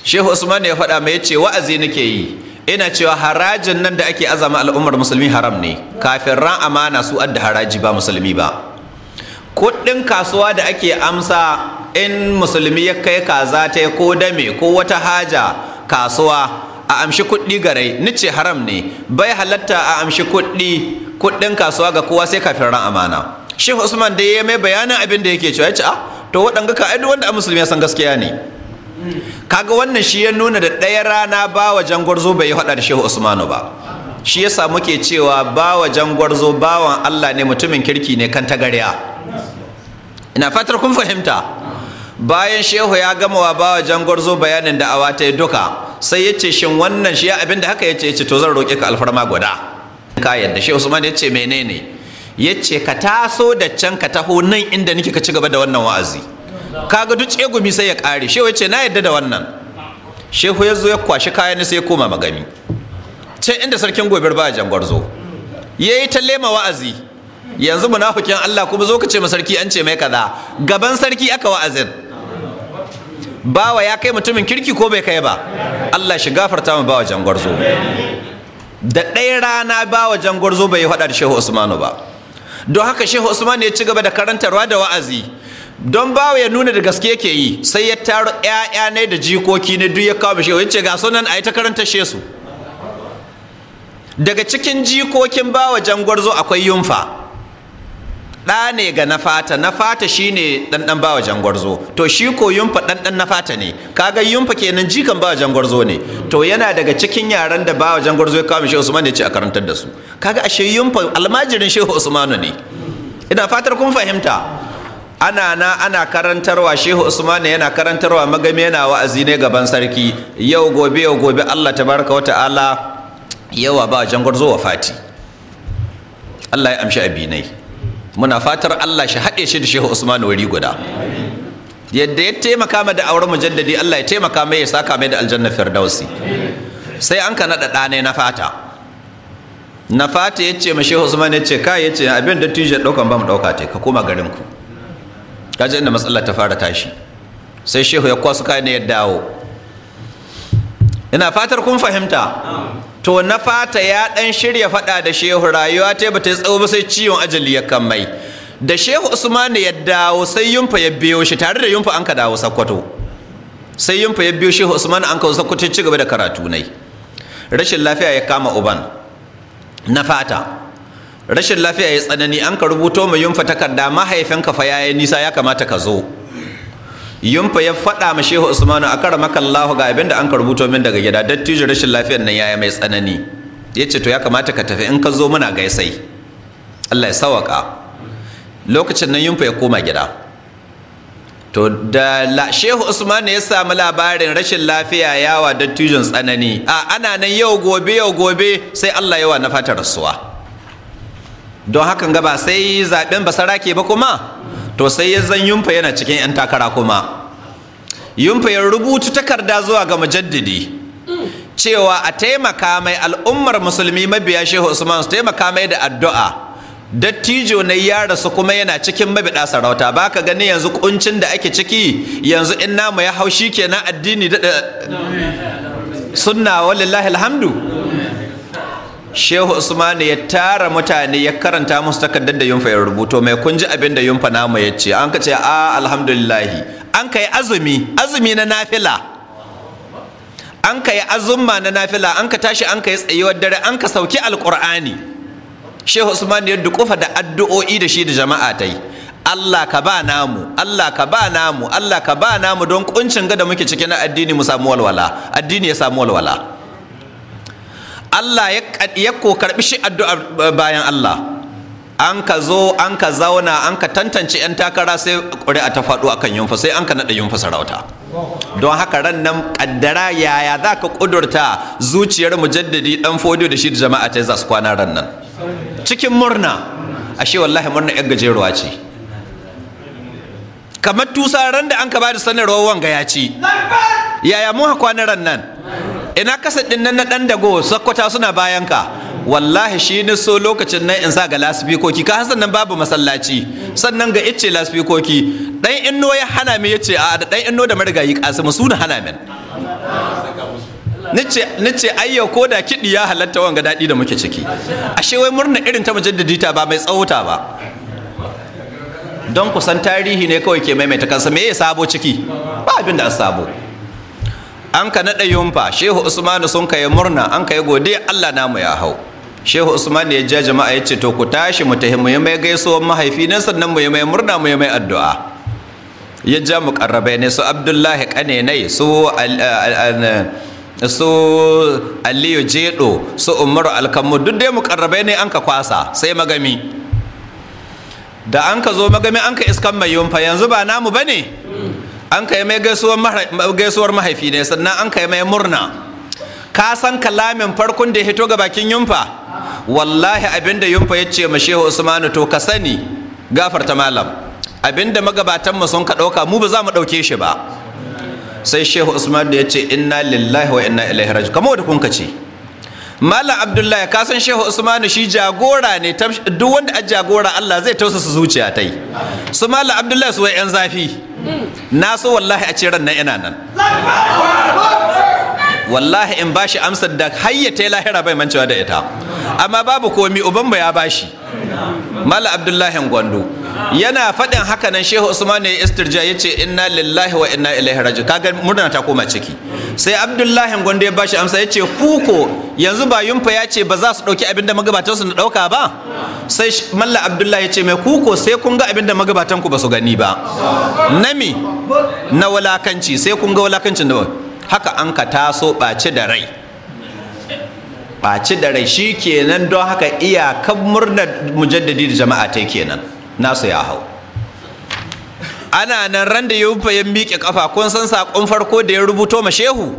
shehu usman ya faɗa mai ce wa'azi nake yi ina cewa harajin nan da ake azama al'ummar musulmi haram ne kafin ran amana su adda haraji ba musulmi ba kuɗin kasuwa da ake amsa in musulmi ya kai kaza ta ko dame ko wata haja kasuwa a amshi kuɗi gare ni ce haram ne bai halatta a amshi kuɗi kuɗin kasuwa ga kowa sai kafin ran amana shehu usman dai ya mai bayanin abin da yake cewa ya ce a ah, to waɗanga ka aidu wanda a musulmi ya san gaskiya ne kaga wannan shi ya nuna da ɗaya rana ba wa jangwarzo bai haɗa da shehu usmanu ba shi yasa muke cewa ba wa jangwarzo bawan allah ne mutumin kirki ne kan tagarya ina fatar kun fahimta bayan shehu ya gama wa ba wa jangwarzo bayanin da awa ta yi duka sai ya ce shin wannan shi abin da haka ya ce to zan roƙe ka alfarma guda ka yadda shehu usman ya ce menene ya ce ka taso da can ka taho nan inda nake ka ci gaba da wannan wa'azi kaga duk tsegumi sai ya kare shehu ce na yadda da wannan shehu ya zo ya kwashi kayan sai ya koma magami can inda sarkin gobe ba jangwar zo ya yi ta lema wa'azi yanzu munafikin Allah kuma zo ka ce sarki an ce mai kaza gaban sarki aka wa'azin bawa ya kai mutumin kirki ko bai kai ba Allah shi gafarta mu bawa jangwar zo da ɗaya rana bawa jangwar zo bai faɗa da shehu usmanu ba don haka shehu usmanu ya ci gaba da karantarwa da wa'azi don bawa ya nuna da gaske yake yi sai ya taro ƴaƴa ne da jikoki ne duk ya kawo bishe yace ga sunan ayi ta karanta she su daga cikin jikokin bawa jangwarzo akwai yunfa ɗa ne ga na fata na fata shine ɗanɗan bawa jangwarzo to shi ko yunfa ɗanɗan na fata ne kaga yunfa kenan jikan bawa jangwarzo ne to yana daga cikin yaran da bawa jangwarzo ya kawo bishe usman ya ce a karantar da su kaga ashe yunfa almajirin shehu usmanu ne ina fatar kun fahimta ana na ana karantarwa shehu usman yana karantarwa magami yana wa'azi ne gaban sarki yau gobe yau gobe Allah tabaraka wa ta'ala yawa ba jangwar zuwa fati Allah ya amshi abinai muna fatar Allah shi haɗe shi da shehu usman wuri guda yadda ya taimaka mai da auren mujalladi Allah ya taimaka mai ya saka mai da aljanna firdausi sai an ka naɗa ɗane na fata na fata ya ce ma shehu usman ya ce kai ya ce abin da tijar ɗaukan ba mu ɗauka te ka koma garinku kaji inda matsalar ta fara tashi sai shehu ya kwasu kayan ya dawo ina fatar kun fahimta to na fata ya dan shirya fada da shehu rayuwa ta ta yi tsawo ba sai ciwon ajali ya kan mai da shehu usman ya dawo sai yunfa ya biyo shi tare da yunfa an ka dawo sakkwato sai yunfa ya biyo shehu usman an ka sakkwato ci gaba da karatu nai rashin lafiya ya kama uban na fata rashin lafiya ya tsanani an ka rubuto mai yunfa takarda mahaifinka fa yayi nisa ya kamata ka zo yunfa ya faɗa ma shehu usmanu a kara makallahu ga abin da an ka rubuto min daga gida dattijo rashin lafiyar nan yayi mai tsanani ya ce to ya kamata ka tafi in ka zo muna gaisai allah ya sawaka lokacin nan yunfa ya koma gida to da shehu usmanu ya samu labarin rashin lafiya yawa dattijon tsanani a ana nan yau gobe yau gobe sai allah yawa na fata rasuwa don hakan gaba sai zaɓen basara ke ba kuma to sai ya zan yumfa yana cikin 'yan takara kuma yumfa ya rubutu takarda zuwa ga mujaddidi cewa a taimaka mai al'ummar musulmi mabiya shehu usman su taimaka mai da addu'a dattijo na ya rasu kuma yana cikin mabiɗa sarauta ba ka gani yanzu kuncin da ake ciki yanzu in namu ya haushi kenan addini da sunna wallahi alhamdu shehu usmani ya tara mutane ya karanta musu takardar da yunfa ya rubuto mai kun ji abin da yunfa namu ya ce an ka ce a alhamdulillahi an ka yi azumi azumi na nafila an ka yi azumma na nafila an ka tashi an ka yi tsayuwar dare an ka sauki alkur'ani shehu usmani ya dukufa da addu'o'i da shi da jama'a ta yi Allah ka ba namu Allah ka ba namu Allah ka ba namu don kuncin ga da muke ciki na addini mu samu walwala addini ya samu walwala Allah ya ko karɓi shi addu'a bayan Allah an ka zo an ka zauna an ka tantance 'yan takara sai ƙuri'a ta faɗo akan yunfa sai an ka naɗa yunfa sarauta don haka ran nan ƙaddara yaya za ka ƙudurta zuciyar mujaddadi ɗan fodo da shi da jama'a ta za su kwana ran nan cikin murna ashe wallahi murna 'yan gajeruwa ce kamar tusa ran da an ka ba da sanarwar wanga ya ce. yaya mu kwana ran nan ina kasa din nan na dan dago sakkwata suna bayan ka wallahi shi ni so lokacin nan in sa ga lasfikoki ka hasan nan babu masallaci sannan ga icce lasfikoki dan inno ya hana mi yace a da dan inno da marigayi kasimu su na hana min nace nace ayyo ko da kidi ya halatta wanga dadi da muke ciki ashe wai murna irin ta mujaddidi ta ba mai tsawuta ba don kusan tarihi ne kawai ke maimaita kansa me ya sabo ciki ba abin da sabo an ka naɗa yumfa shehu usmanu sun kai murna an kai godiya allah namu ya hau shehu usmanu ya ja jama'a ya ce to ku tashi mu tahi mu yi mai gaisuwan mahaifi na sannan mu yi mai murna mu yi mai addu'a ya ja mu karrabai ne su abdullahi kanenai su su aliyu jedo su umaru alkamu duk dai mu karrabai ne an ka kwasa sai magami da an ka zo magami an ka iskan mai yumfa yanzu ba namu ba ne an kai mai gaisuwar mahaifi ne sannan an kai mai murna ka san kalamin farkon da ya hito ga bakin yumfa wallahi abinda yumfa ya ce ma shehu usmanu to ka sani gafarta malam abinda magabatanmu sun ka ɗauka mu ba za mu ɗauke shi ba sai shehu usmanu ya ce inna lillahi wa inna ilaihi raji kamar da kun ka ce malam abdullahi ya kasan shehu usmanu shi jagora ne duk wanda a jagora allah zai tausasa zuciya ta yi su malam abdullahi su yan zafi na so wallahi a ce ranar na ina nan wallahi in bashi amsar da hayyata lahira bai mancewa da ita amma babu komi ubanmu ya bashi malam abdullahi gwando yana faɗin haka nan shehu usman ya istirja ya ce inna lillahi wa inna ilaihi raji kaga murna ta koma ciki sai abdullahi gwanda ya bashi amsa ya ce kuko yanzu ba yunfa ya ce ba za su ɗauki abinda magabatansu na ɗauka ba sai malla abdullahi ya ce mai kuko sai kun ga abinda magabatanku ba su gani ba nami na walakanci sai kun ga walakancin da haka an ka taso ɓace da rai ɓaci da rai shi kenan don haka iyakan murnar mujaddadi da jama'a ta kenan nasu ya hau ana nan ran da yufa ya miƙe ƙafa. kun san saƙon farko da ya rubuto ma shehu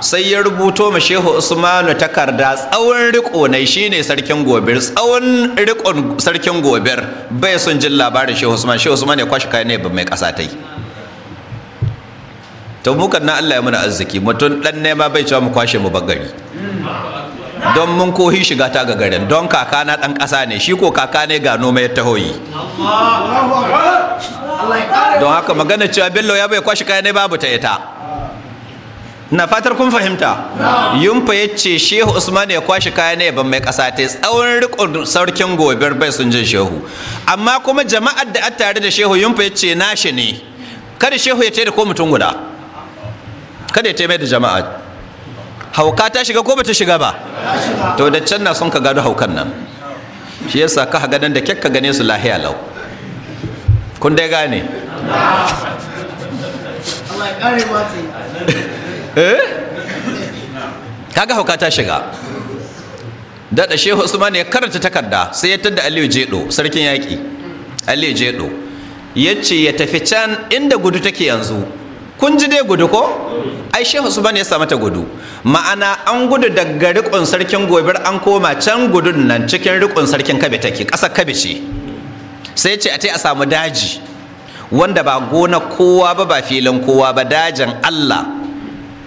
sai ya rubuto ma shehu usmanu takarda tsawon shi ne sarkin gobir tsawon riƙon sarkin gobir bai son jin labarin shehu usman shehu usman ya kwashi kai ne ba mai kasa tai to mu na Allah ya muna arziki mutum dan nema bai cewa mu kwashe mu bagari don mun kohi shiga ta ga garin don kaka na dan ƙasa ne shi ko kaka ne ga noma ya tahoyi don haka magana cewa bello ya bai kwashi kaya ne babu ta ita na fatar kun fahimta yumfa ya ce shehu usman ya kwashi kaya ne ban mai ƙasa ta tsawon rikon sarkin gobir bai sun jin shehu amma kuma jama'ar da an tare da shehu yumfa ya ce nashi ne kada shehu ya ce da ko mutum guda kada ya ce mai da jama'a hauka ta shiga ko bata shiga ba to da can na son ka gado haukan nan shi yasa ka haga nan da kyakka gane su lahiya lau kun dai gane eh kaga hauka ta shiga daɗa shehu usman ya karanta takarda sai ya tadda aliyu jedo sarkin yaƙi aliyu jedo ya ce ya tafi can inda gudu take yanzu kun ji dai gudu ko ai shehu su bane ya sa mata gudu ma'ana an gudu daga riƙon sarkin gobe an koma can gudun nan cikin riƙon sarkin kabe take ƙasar kabe ce sai ce a ta a samu daji wanda ba gona kowa ba ba filin kowa ba dajin Allah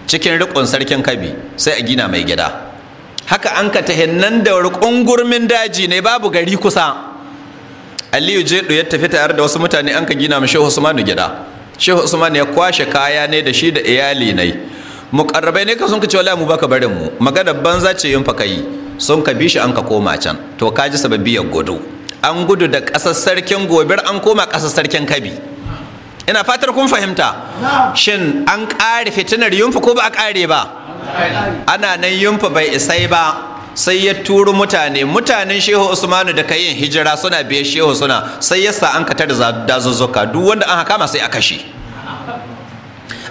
cikin riƙon sarkin kabe sai a gina mai gida haka an ka nan da riƙon gurmin daji ne babu gari kusa Aliyu je ya tafi tare da wasu mutane an ka gina mashi Usmanu gida shehu usman ya kwashe kaya ne da shi da iyali ne mukarrabai ne ka sun ka ce wallahi mu baka barin mu magana banza ce yin yi. sun ka bishi an ka koma can to ka ji ya gudu an gudu da ƙasar sarkin gobir an koma ƙasar sarkin kabi ina fatar kun fahimta shin an ƙare fitinar yunfa ko ba a ƙare ba ana nan yunfa bai isai ba sai ya turu mutane mutanen shehu usmanu da yin hijira suna biye shehu suna sai ya sa an ka da dazuzzuka duk wanda an haka sai a kashe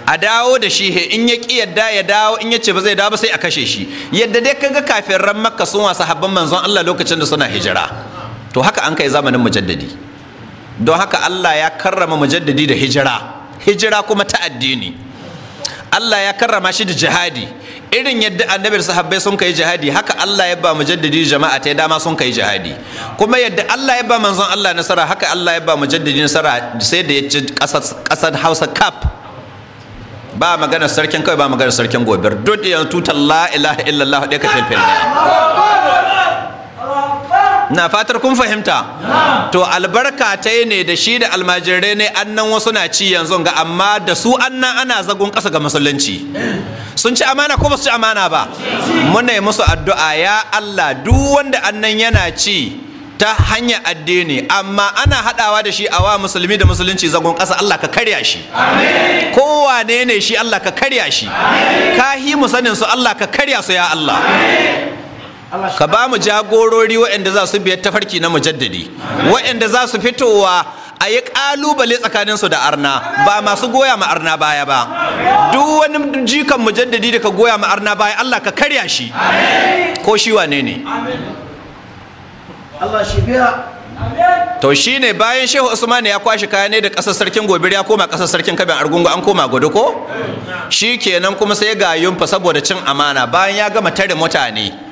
a dawo da shi in ya ƙi yadda ya dawo in ya ce ba zai dawo ba sai a kashe shi yadda dai kaga kafin ran makka sun wasu habban manzon Allah lokacin da suna hijira to haka an kai zamanin mujaddadi don haka Allah ya karrama mujaddadi da hijira hijira kuma ta addini Allah ya karrama shi da jihadi irin yadda annabi sahabbai sun kai jihadi haka Allah ya ba mujaddidi jama'a ta dama sun kai jihadi kuma yadda Allah ya ba manzon Allah nasara haka Allah ya ba mujaddidi nasara sai da ya ci kasar Hausa Cup ba magana sarkin kai ba magana sarkin gobir duk yanzu tutalla la ilaha illallah da ka na fatar kun fahimta to albarka ta ne da shi da almajirai ne annan wasu na ci yanzu ga amma da su annan ana zagon kasa ga musulunci sun ci amana ko ba su ci amana ba muna yi musu addu'a ya Allah duk wanda annan yana ci ta hanyar addini amma ana haɗawa da shi a wa musulmi da musulunci zagon ƙasa Allah ka karya shi Kowa ne shi Allah ka karya shi kahi musanin su Allah ka karya su ya Allah ka ba mu jagorori waɗanda za su biyar tafarki na mujaddadi waɗanda za su fitowa a yi ƙalubale tsakaninsu da arna ba masu goya ma arna baya ba duk wani jikan mujaddadi da ka goya ma arna baya Allah ka karya shi ko shi wane ne to shi ne bayan shehu usman ya kwashi kaya ne da ƙasar sarkin gobir ya koma ƙasar sarkin kabin argungu an koma gudu ko shi kenan kuma sai ga yunfa saboda cin amana bayan ya gama tare mutane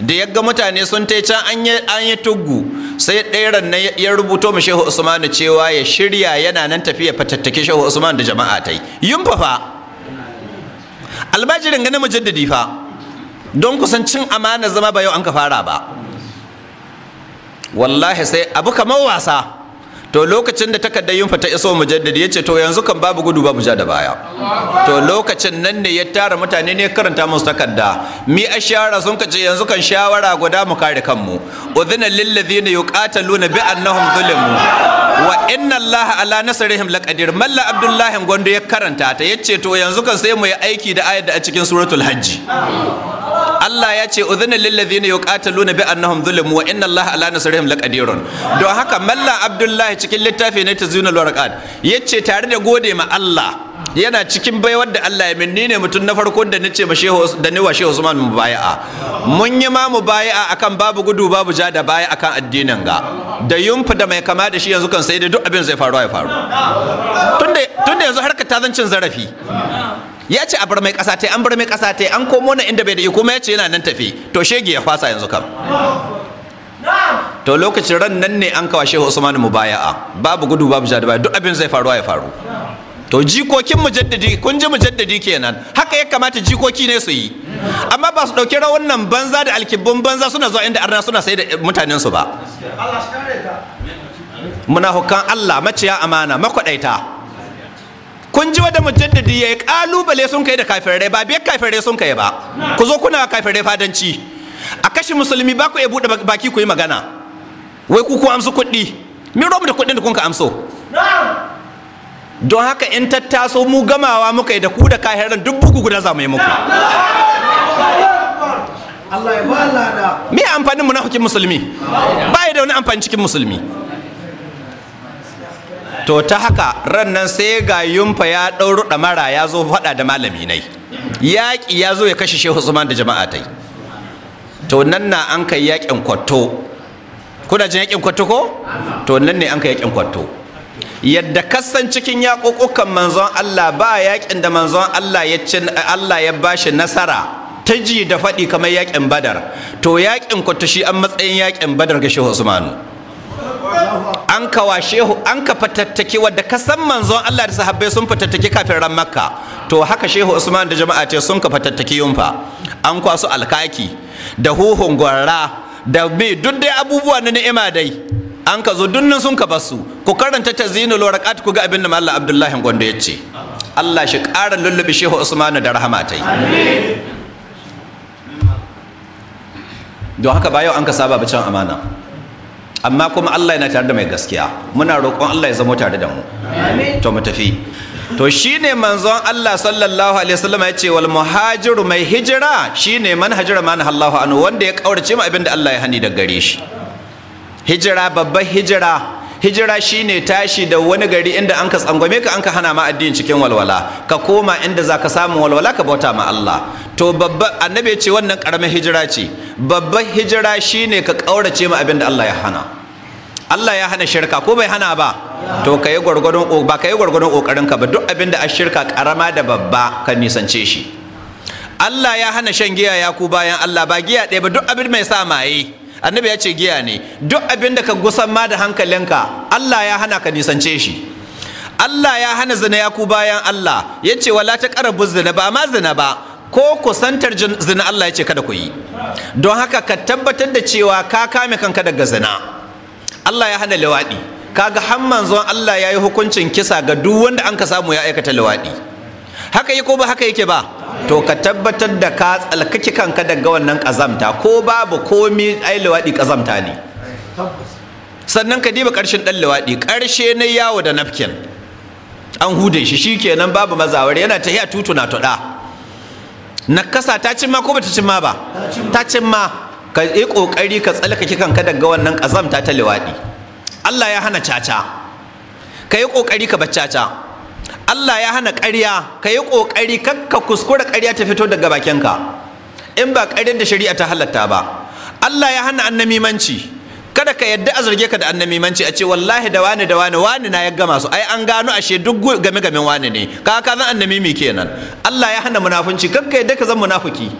da ya ga mutane sun ta can an yi tuggu sai ɗairan na ya rubuto mu shehu usmanu cewa ya shirya yana nan tafiya fatattake shehu usman da jama'a ta yi yin fa albajirin gani mujaddadi fa don kusan cin amana zama ba yau an ka fara ba wallahi sai abu kamar wasa to lokacin da takardar yin ta iso mujaddid yace to yanzu kan babu gudu babu ja da baya to lokacin nan ne ya tara mutane ne karanta musu takarda mi ashara sun kace yanzu kan shawara guda mu kare kanmu udhina lil ladina yuqataluna bi annahum zulimu wa inna allaha ala nasrihim laqadir malla abdullahi gondo ya karanta ta yace to yanzu kan sai mu yi aiki da ayat da a cikin suratul hajji Allah ya ce udhina lil ladina yuqataluna bi annahum zulimu wa inna allaha ala nasrihim laqadirun don haka malla abdullahi cikin littafi na tazyunul Ya ce tare da gode ma Allah yana cikin baiwar da Allah ya min ni ne mutum na farko da nace ma shehu da ni wa shehu Usman mubaya'a mun yi ma mubaya'a akan babu gudu babu ja da baya akan addinin ga da yunfu da mai kama da shi yanzu kan sai da duk abin zai faru ya faru tunda tunda yanzu harka ta zancin zarafi ya ce a bar mai kasa an bar mai kasa an komo na inda bai da iko kuma yace ce yana nan tafi to shege ya fasa yanzu kam to lokacin ran nan ne an kawashe shehu usman mubaya'a babu gudu babu jadaba duk abin zai faru ya faru to jikokin mujaddadi kun ji mujaddadi kenan haka ya kamata jikoki ne su yi amma ba su dauki rawan nan banza da alkibbun banza suna zuwa inda arna suna sai da mutanen su ba munafukan Allah maciya amana makwadaita kun ji mujaddidi ya yayi kalubale sun kai da kafirai ba bai kafirai sun kai ba ku zo kuna kafirai fadanci a kashe musulmi ba ku iya buɗe baki ku yi magana wai ku kun amsu kuɗi min romu da kuɗin da kun ka amso don haka in tattaso mu gamawa muka yi da ku da kahiran duk buku guda za mu yi muku me amfanin mu na hukin musulmi ba da wani amfani cikin musulmi to ta haka ran nan sai ga yumfa ya ɗauro ɗamara ya zo faɗa da malami nai yaƙi ya zo ya kashe shehu zuman da jama'a ta yi to nan na an kai yakin kwato kuna jin yakin kwato ko to nan ne an kai yakin kwato yadda kasan cikin yaƙuƙukan manzon Allah ba yaƙin da manzon Allah ya ci Allah ya bashi nasara ta ji da faɗi kamar yakin badar to yaƙin kwato shi an matsayin yakin badar ga shehu Usmanu an ka washe an ka fatattake wadda ka san manzon Allah da sahabbai sun fatattake kafin ran makka to haka shehu usman da jama'a ce sun ka fatattake yunfa an kwaso alkaki da huhun gwarra da me duk dai abubuwa na ni'ima dai an ka zo dunnin sun ka basu ku karanta tazinul warqat ku ga abin da mallam abdullahi gondo ya ce Allah shi ƙara lullubi shehu usman da rahama ta yi don haka ba yau an ka saba bacin amana amma kuma Allah yana tare da mai gaskiya muna roƙon Allah ya zama tare da mu to mu tafi to shine manzon Allah sallallahu alaihi wasallam ya ce wal muhajiru mai hijira shine man hajira man Allahu anhu wanda ya kaurace mu abinda Allah ya hani da gare shi hijira babbar hijira hijira shine tashi da wani gari inda an ka tsangwame ka an ka hana ma addini cikin walwala ka koma inda za ka samu walwala ka bauta ma Allah to babba annabi ce wannan karamin hijira ce babban hijira shine ka kaurace ma abin da Allah ya hana Allah ya hana shirka ko bai hana ba to ka yi gwargwadon ba ka yi gwargwadon kokarin ka ba duk abin da a karama da babba ka nisance shi Allah ya hana shan giya ya ku bayan Allah ba giya ɗaya ba duk abin mai sa maye annabi ya ce giya ne duk abin da ka gusan ma da hankalinka Allah ya hana ka nisance shi Allah ya hana zina ya ku bayan Allah ya ce wala ta karabu zina ba ma zina ba ko kusantar zina Allah ya ce kada ku yi don haka ka tabbatar da cewa ka kame kanka daga zina Allah ya hana liwaɗi kaga har manzon Allah ya yi hukuncin kisa ga duk wanda an ka samu ya aikata liwaɗi haka yi ko ba haka yake ba to ka tabbatar da ka tsalkaki kanka daga wannan kazamta ko babu komi ai luwaɗi kazamta ne sannan ka diba karshen ɗan luwaɗi ƙarshe na yawo da nafkin an hude shi shi babu mazawar yana ta tahiya tutuna tuɗa nakasa ta cimma ko bata cimma ba ta cimma ka yi kokari ka tsalkake kanka daga wannan kazamta ta lawadi Allah ya hana caca ka yi kokari ka bar caca Allah ya hana ƙarya ka yi ƙoƙari ka kuskura ƙarya ta fito daga bakinka in ba ƙaryar da shari'a ta halatta ba Allah ya hana annamimanci kada ka yadda a zarge ka da annamimanci a ce wallahi da wani da wani wani na ya gama su ai an gano ashe duk game game wani ne ka ka zan annamimi kenan Allah ya hana munafunci kakka yadda ka zan munafuki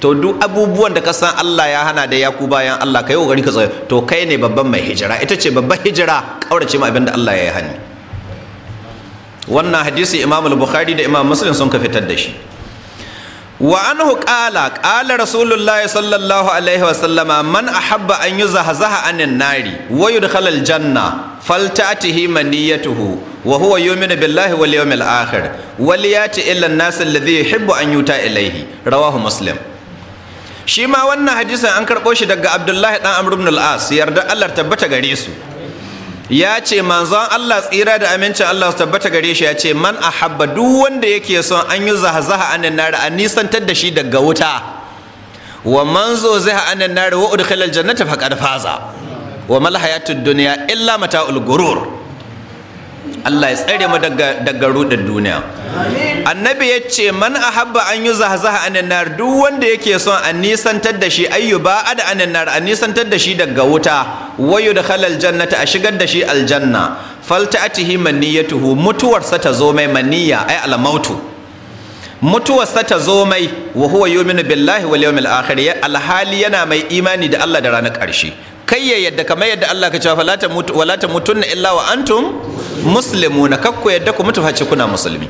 to duk abubuwan da ka san Allah ya hana da yaku bayan Allah ka yi kokari ka tsaya to kai ne babban mai hijira ita ce babban hijira kaurace ma abin Allah ya yi hani wannan hadisi imam al-bukhari da imam muslim sun ka fitar da shi wa anhu qala qala rasulullahi sallallahu alaihi wa sallama man ahabba an yuzahzaha anin nari wa yudkhala al-janna falta'tihi maniyatuhu wa huwa yu'minu billahi wal yawmil akhir Wali yati illa an-nas alladhi yuhibbu an yuta ilayhi rawahu muslim shi ma wannan hadisin an karbo shi daga abdullahi dan amr ibn al-as yarda Allah tabbata gare su ya ce manzon Allah tsira da amincin Allah su tabbata gare shi ya ce man ahabba duk wanda yake son an yi zahazaha anan nari an nisantar da shi daga wuta wa man zo zai anan nari wa udkhilal jannata faqad faza wa mal hayatud dunya illa mata'ul gurur Allah ya tsare mu daga daga rudin duniya annabi ya ce man ahabba an yi zahzaha an nar duk wanda yake son a nisantar da shi ba ad an nar a nisantar da shi daga wuta wayu da halal jannata a shigar da shi aljanna faltatihi maniyatuhu mutuwarsa ta zo mai maniya ai almautu sa ta zo mai wa huwa yu'minu billahi wal yawmil akhir alhali yana mai imani da Allah da ranar karshe kai ya yadda kamar yadda Allah ka cewa wala mutu wala tamutunna illa wa antum muslimuna kakku yadda ku mutu face kuna musulmi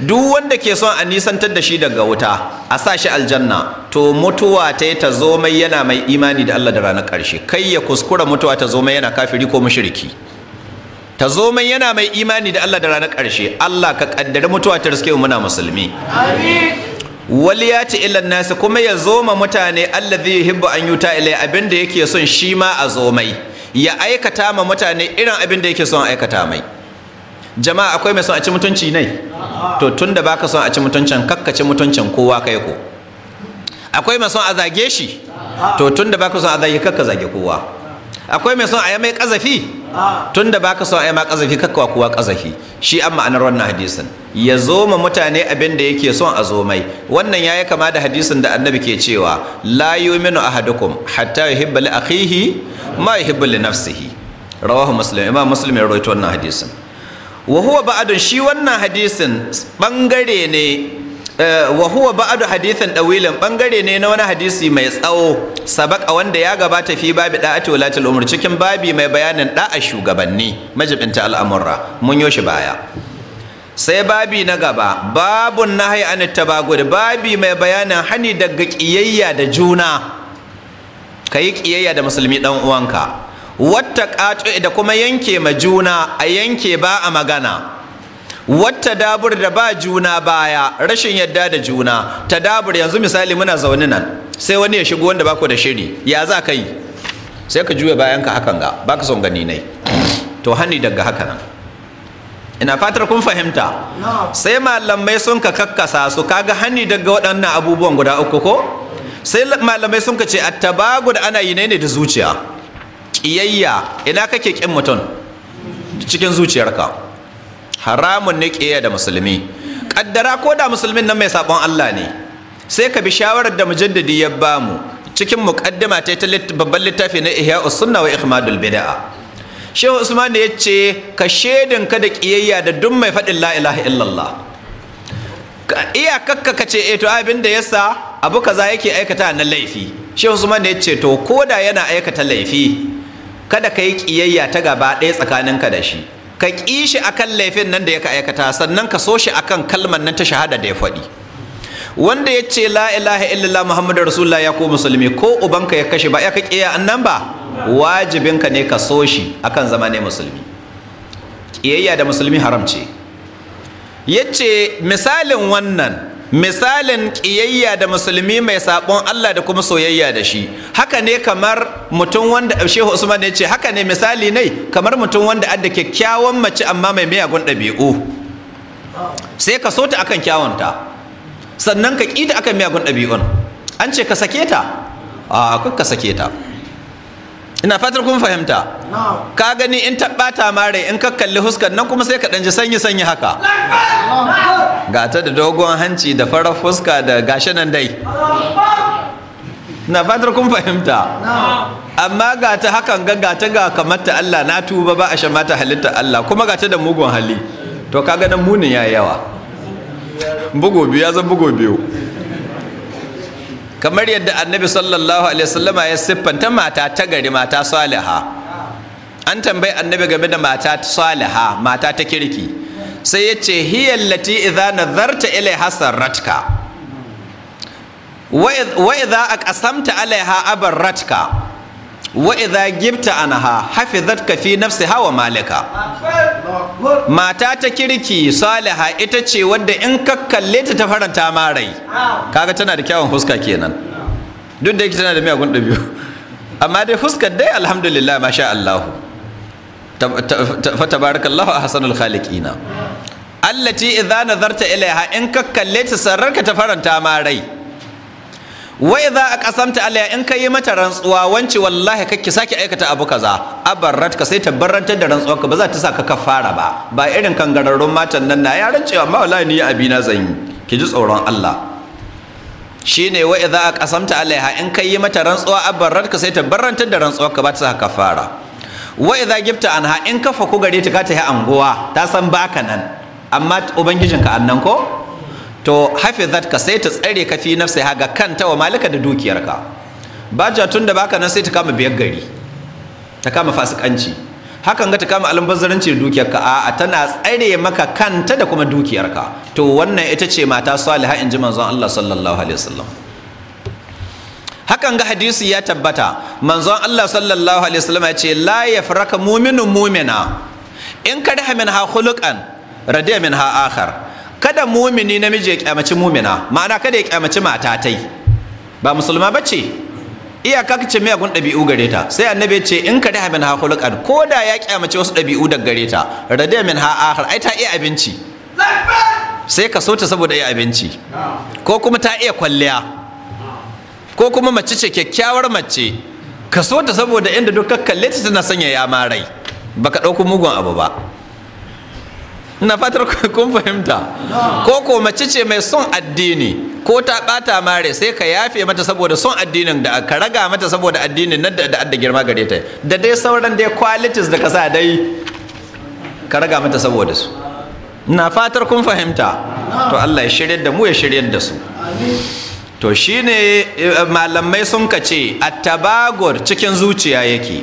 duk wanda ke son a nisantar da shi daga wuta a sa shi aljanna to mutuwa ta ta zo mai yana mai imani da Allah da ranar karshe kai ya kuskura mutuwa ta zo mai yana kafiri ko mushriki ta zo mai yana mai imani da Allah da ranar karshe Allah ka kaddari mutuwa ta riske muna musulmi waliyati yati ila nasi kuma ya zoma mutane allazi yuhibbu an yuta ilai abinda yake son shi ma a zomai ya aikata ma mutane irin abin da yake son aikata mai jama'a akwai mai son a ci mutunci ne to tun da baka son a ci mutuncin kakka ci mutuncin kowa kai ko akwai mai son a zage shi to tun da baka son a zage kakka zage kowa akwai mai son a mai kazafi tun da baka son a ma kazafi kakkawa kuwa kazafi shi an ma'anar wannan hadisin ya zo ma mutane abin da yake son a zo mai wannan ya yi kama da hadisin da annabi ke cewa la yuminu ahadukum hatta yuhibba li akhihi ma yuhibbu li nafsihi rawahu muslim imam muslim ya rawaito wannan hadisin wa huwa ba'adun shi wannan hadisin bangare ne Wahuwa eh, huwa ba'adu hadithan dawilin bangare ne na wani hadisi mai tsawo sabaka wanda ya gabata fi babi da'ati walatul umur cikin babi mai bayanin da'a shugabanni majibinta al'amurra mun yo baya sai babi na gaba babun nahyi an tabagud babi mai bayanin hani daga ƙiyayya da juna kayi kiyayya da musulmi dan uwanka wata ƙato da kuma yanke ma juna a yanke ba a magana wata dabur da ba juna baya rashin yadda da juna ta dabur yanzu misali muna zaune nan sai wani ya shigo wanda bako da shiri ya za ka yi sai ka juya bayan ka hakan ga baka son gani nai to hani daga haka nan ina fatar kun fahimta sai malamai sun ka kakkasa su kaga hani daga waɗannan abubuwan guda uku ko sai malamai sun ka ce a da ana yi ne da zuciya ƙiyayya ina kake ƙin mutum cikin zuciyarka haramun ne ƙeya da musulmi Ƙaddara ko da musulmin nan mai saɓon Allah ne sai ka bi shawarar da mujaddadi ya ba mu cikin muƙaddima ta babban littafi na ihya Sunna wa Ikhmadul Bid'a Shehu Usman ya ce ka shedin ka da ƙiyayya da duk mai faɗin la ilaha illallah iyakakka ka ce eh, to abin da yasa abu kaza yake aikata na laifi Shehu Usman ya ce to koda yana aikata laifi kada ka yi ƙiyayya ta gaba ɗaya tsakaninka da shi ka ƙi shi a kan laifin nan da ya ka aikata sannan ka so shi a kan kalmar nan ta shahada da ya faɗi wanda ya ce la ilaha illallah muhammadu rasulullah ya ko musulmi ko ubanka ya kashe ba ya ka ƙiya nan ba wajibinka ne ka so shi akan zama ne musulmi ƙiyayya da musulmi haram ce ya ce misalin wannan misalin kiyayya da musulmi mai saɓon Allah da kuma soyayya da shi haka ne kamar mutum wanda shehu usman ya ce haka ne misali ne kamar mutum wanda adda kyakkyawan mace amma mai miyagun ɗabi'u sai ka so ta akan kyawunta sannan ka ƙi akan miyagun ɗabi'un an ce ka sake ta a ka sake ta ina fatar kun fahimta ka gani in tabbata mare in ka kalli huskar nan kuma sai ka ɗanji sanyi sanyi haka gata da dogon hanci da farar fuska da gashi nan dai na fatar kun fahimta amma ga ta hakan ga ga ta ga kamar ta Allah na tuba ba a shama ta halitta Allah kuma ga ta da mugun hali to ka ganin munin ya yawa bugo biyu ya zan bugo biyu kamar yadda annabi sallallahu alaihi wasallama ya siffanta mata ta gari mata saliha an tambayi annabi game da mata saliha mata ta kirki sai ya ce hiyallati idza nazarta ilaiha sarratka wa a aqsamta alaiha ratka. wa idza gibta anha hafizatka fi nafsiha hawa malika mata ta kirki saliha ita ce wadda in ka kalle ta faranta ma rai kaga tana da kyawun huska kenan duk da yake tana da miyagun ɗabi'u amma dai huskar dai alhamdulillah masha Allah fa tabarakallahu ahsanul khaliqina allati idza nazarta ilaiha in ka kalle ta sararka ta faranta ma rai wai za a kasamta Allah in ka yi mata rantsuwa wance wallahi kake sake aikata abu kaza abarrat ka sai tabbarantar da rantsuwa ka ba za ta sa ka kafara ba ba irin kan kangararrun matan nan na yaran cewa ma wallahi ni abi na zan yi ki ji tsoron Allah shine za a aqasamta Allah in ka yi mata rantsuwa abarrat ka sai tabbarantar da rantsuwa ka ba ta sa ka kafara wa idza gifta anha in kafa ku gare ta ka ta yi anguwa ta san baka nan amma ubangijinka annan ko to hafizat ka sai ta tsare ka fi nafsi haga kanta wa malika da dukiyarka ja tun da baka nan sai ta kama biyar gari ta kama fasikanci hakan ga ta kama almubazzaranci dukiyarka a tana tsare maka kanta da kuma dukiyarka to wannan ita ce mata saliha in ji manzon Allah sallallahu alaihi wasallam hakan ga hadisi ya tabbata manzon Allah sallallahu alaihi wasallam ya ce la yafraka muminu mu'mina in ka min ha khuluqan radiya min ha akhar kada mumini namiji ya kyamaci mumina ma'ana kada ya kyamaci mata tai ba musulma bace iyaka kace mai gun dabi'u gare ta sai annabi ce in ka da min ha khuluqan ko da ya kyamaci wasu ɗabi'u daga gare ta radiya min ha akhar ai ta iya abinci sai ka so ta saboda iya abinci ko kuma ta iya kwalliya ko kuma mace ce kyakkyawar mace ka so ta saboda inda duk kalle ta tana sanya ya marai baka dauko mugun abu ba ina fatar kun fahimta ko ko mace ce mai son addini ko ta bata mare sai ka yafe mata saboda son addinin da ka raga mata saboda addinin nan da da girma gare ta da dai sauran dai qualities da ka sa dai ka raga mata saboda su ina fatar kun fahimta to Allah ya shirye da mu ya shirye da su to shine eh, eh, malamai sun kace at-tabagur cikin zuciya yake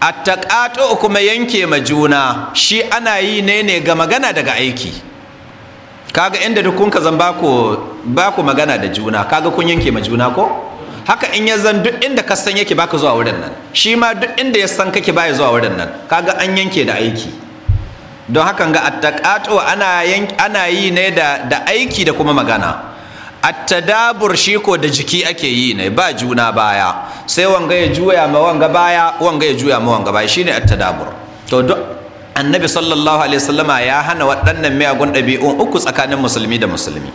attaqatu kuma yanke ma juna shi ana yi ne ne ga magana daga aiki kaga inda duk kun zan bako bako magana da juna kaga kun yanke ma juna ko haka in ya zan duk inda ka san yake baka zuwa wurin nan shi ma duk inda ya san kake baya zuwa wurin nan kaga an yanke da aiki don hakan ga attaqatu ana ana yi ne da da aiki da kuma magana attadabur dabur shiko da jiki ake yi ne ba juna baya sai wanga ya juya ma wanga baya wanga ya juya ma wanga baya shine dabur. to duk annabi sallallahu alaihi wasallama ya hana waɗannan miyagun ɗabi'un uku tsakanin musulmi da musulmi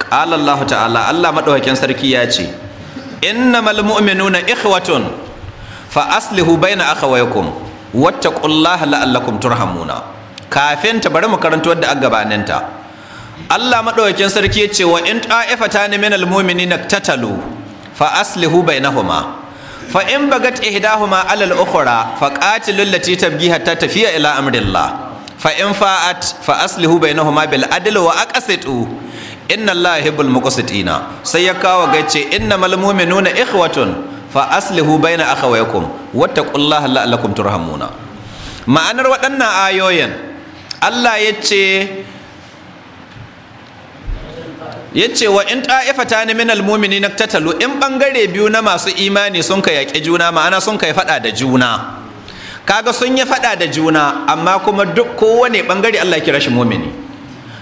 qala allah ta'ala allah madaukakin sarki ya ce innamal mu'minuna ikhwatun fa aslihu baina akhawaykum wattaqullaha la'allakum turhamuna kafin ta bari mu karanto da gabaninta Allah maɗaukakin sarki ya ce wa in ta'ifata ni minal na tatalu fa aslihu bainahuma fa in bagat ihdahuma alal ukhra fa qatilul lati tabghi ta tafiya ila amrillah fa in fa'at fa aslihu bainahuma bil adl wa aqsitu inna allaha yuhibbul muqsitina sai ya kawo gace innamal mu'minuna ikhwatun fa aslihu baina akhawaykum wattaqullaha la'allakum turhamuna ma'anar waɗannan ayoyin Allah ya ce yace wa in ta'ifatan min na tatalu in bangare biyu na masu imani sun ka yaƙi juna ma'ana sun ka faɗa da juna kaga sun yi faɗa da juna amma kuma duk kowane bangare Allah ya kira shi mu'mini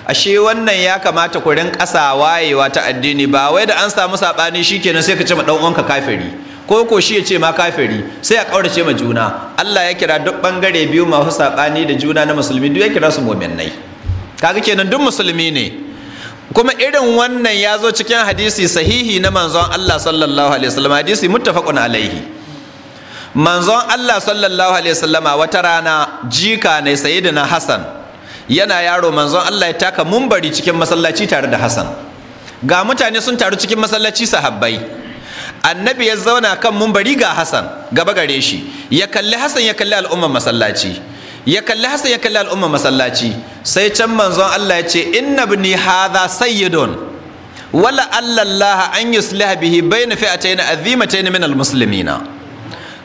ashe wannan ya kamata ku rin ƙasa wayewa ta addini ba wai da an samu saɓani shi kenan sai ka ce ma ɗan uwanka kafiri ko ko shi ya ce ma kafiri sai a ƙaurace ma juna Allah ya kira duk ɓangare biyu masu saɓani da juna na musulmi duk ya kira su mu'minai kaga kenan duk musulmi ne kuma irin wannan ya zo cikin hadisi sahihi na manzon Allah sallallahu alaihi wasallam hadisi muttafaqun alaihi manzon Allah sallallahu alaihi wasallama wata rana jika ne sayyidina Hassan yana yaro manzon Allah ya taka mumbari cikin masallaci tare da Hassan ga mutane sun taru cikin masallaci sahabbai annabi ya zauna kan mumbari ga Hassan gaba gare shi ya kalli Hassan ya kalli al'umman masallaci ya kalli hasan ya kalli al'umma masallaci sai can manzon Allah ya ce inna ibni hadha sayyidun wala Allah an yusliha bihi bayna fi'atayn azimatayn min almuslimina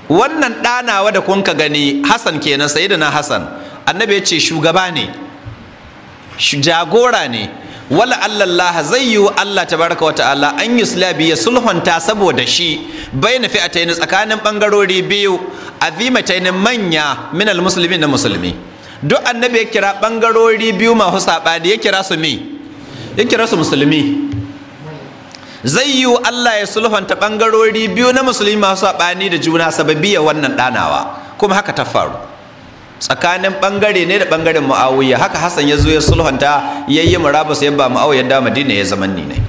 wannan ɗanawa da kun ka gani Hassan kenan sayyidina Hassan annabi ya ce shugaba ne jagora ne wala Allah zai yi wa Allah tabaraka wa ta'ala an yusliha bihi sulhunta saboda shi Bai bayna fi'atayn tsakanin bangarori biyu ne manya min almuslimi na musulmi duk annabi ya kira bangarori biyu masu saɓani ya kira su me ya kira su musulmi zai yiwu Allah ya sulhunta bangarori biyu na musulmi masu saɓani da juna ya wannan danawa. kuma haka ta faru tsakanin bangare ne da bangaren muawiya haka Hassan ya zo ya sulhunta yayi murabus ya ba muawiya da madina ya zaman ni ne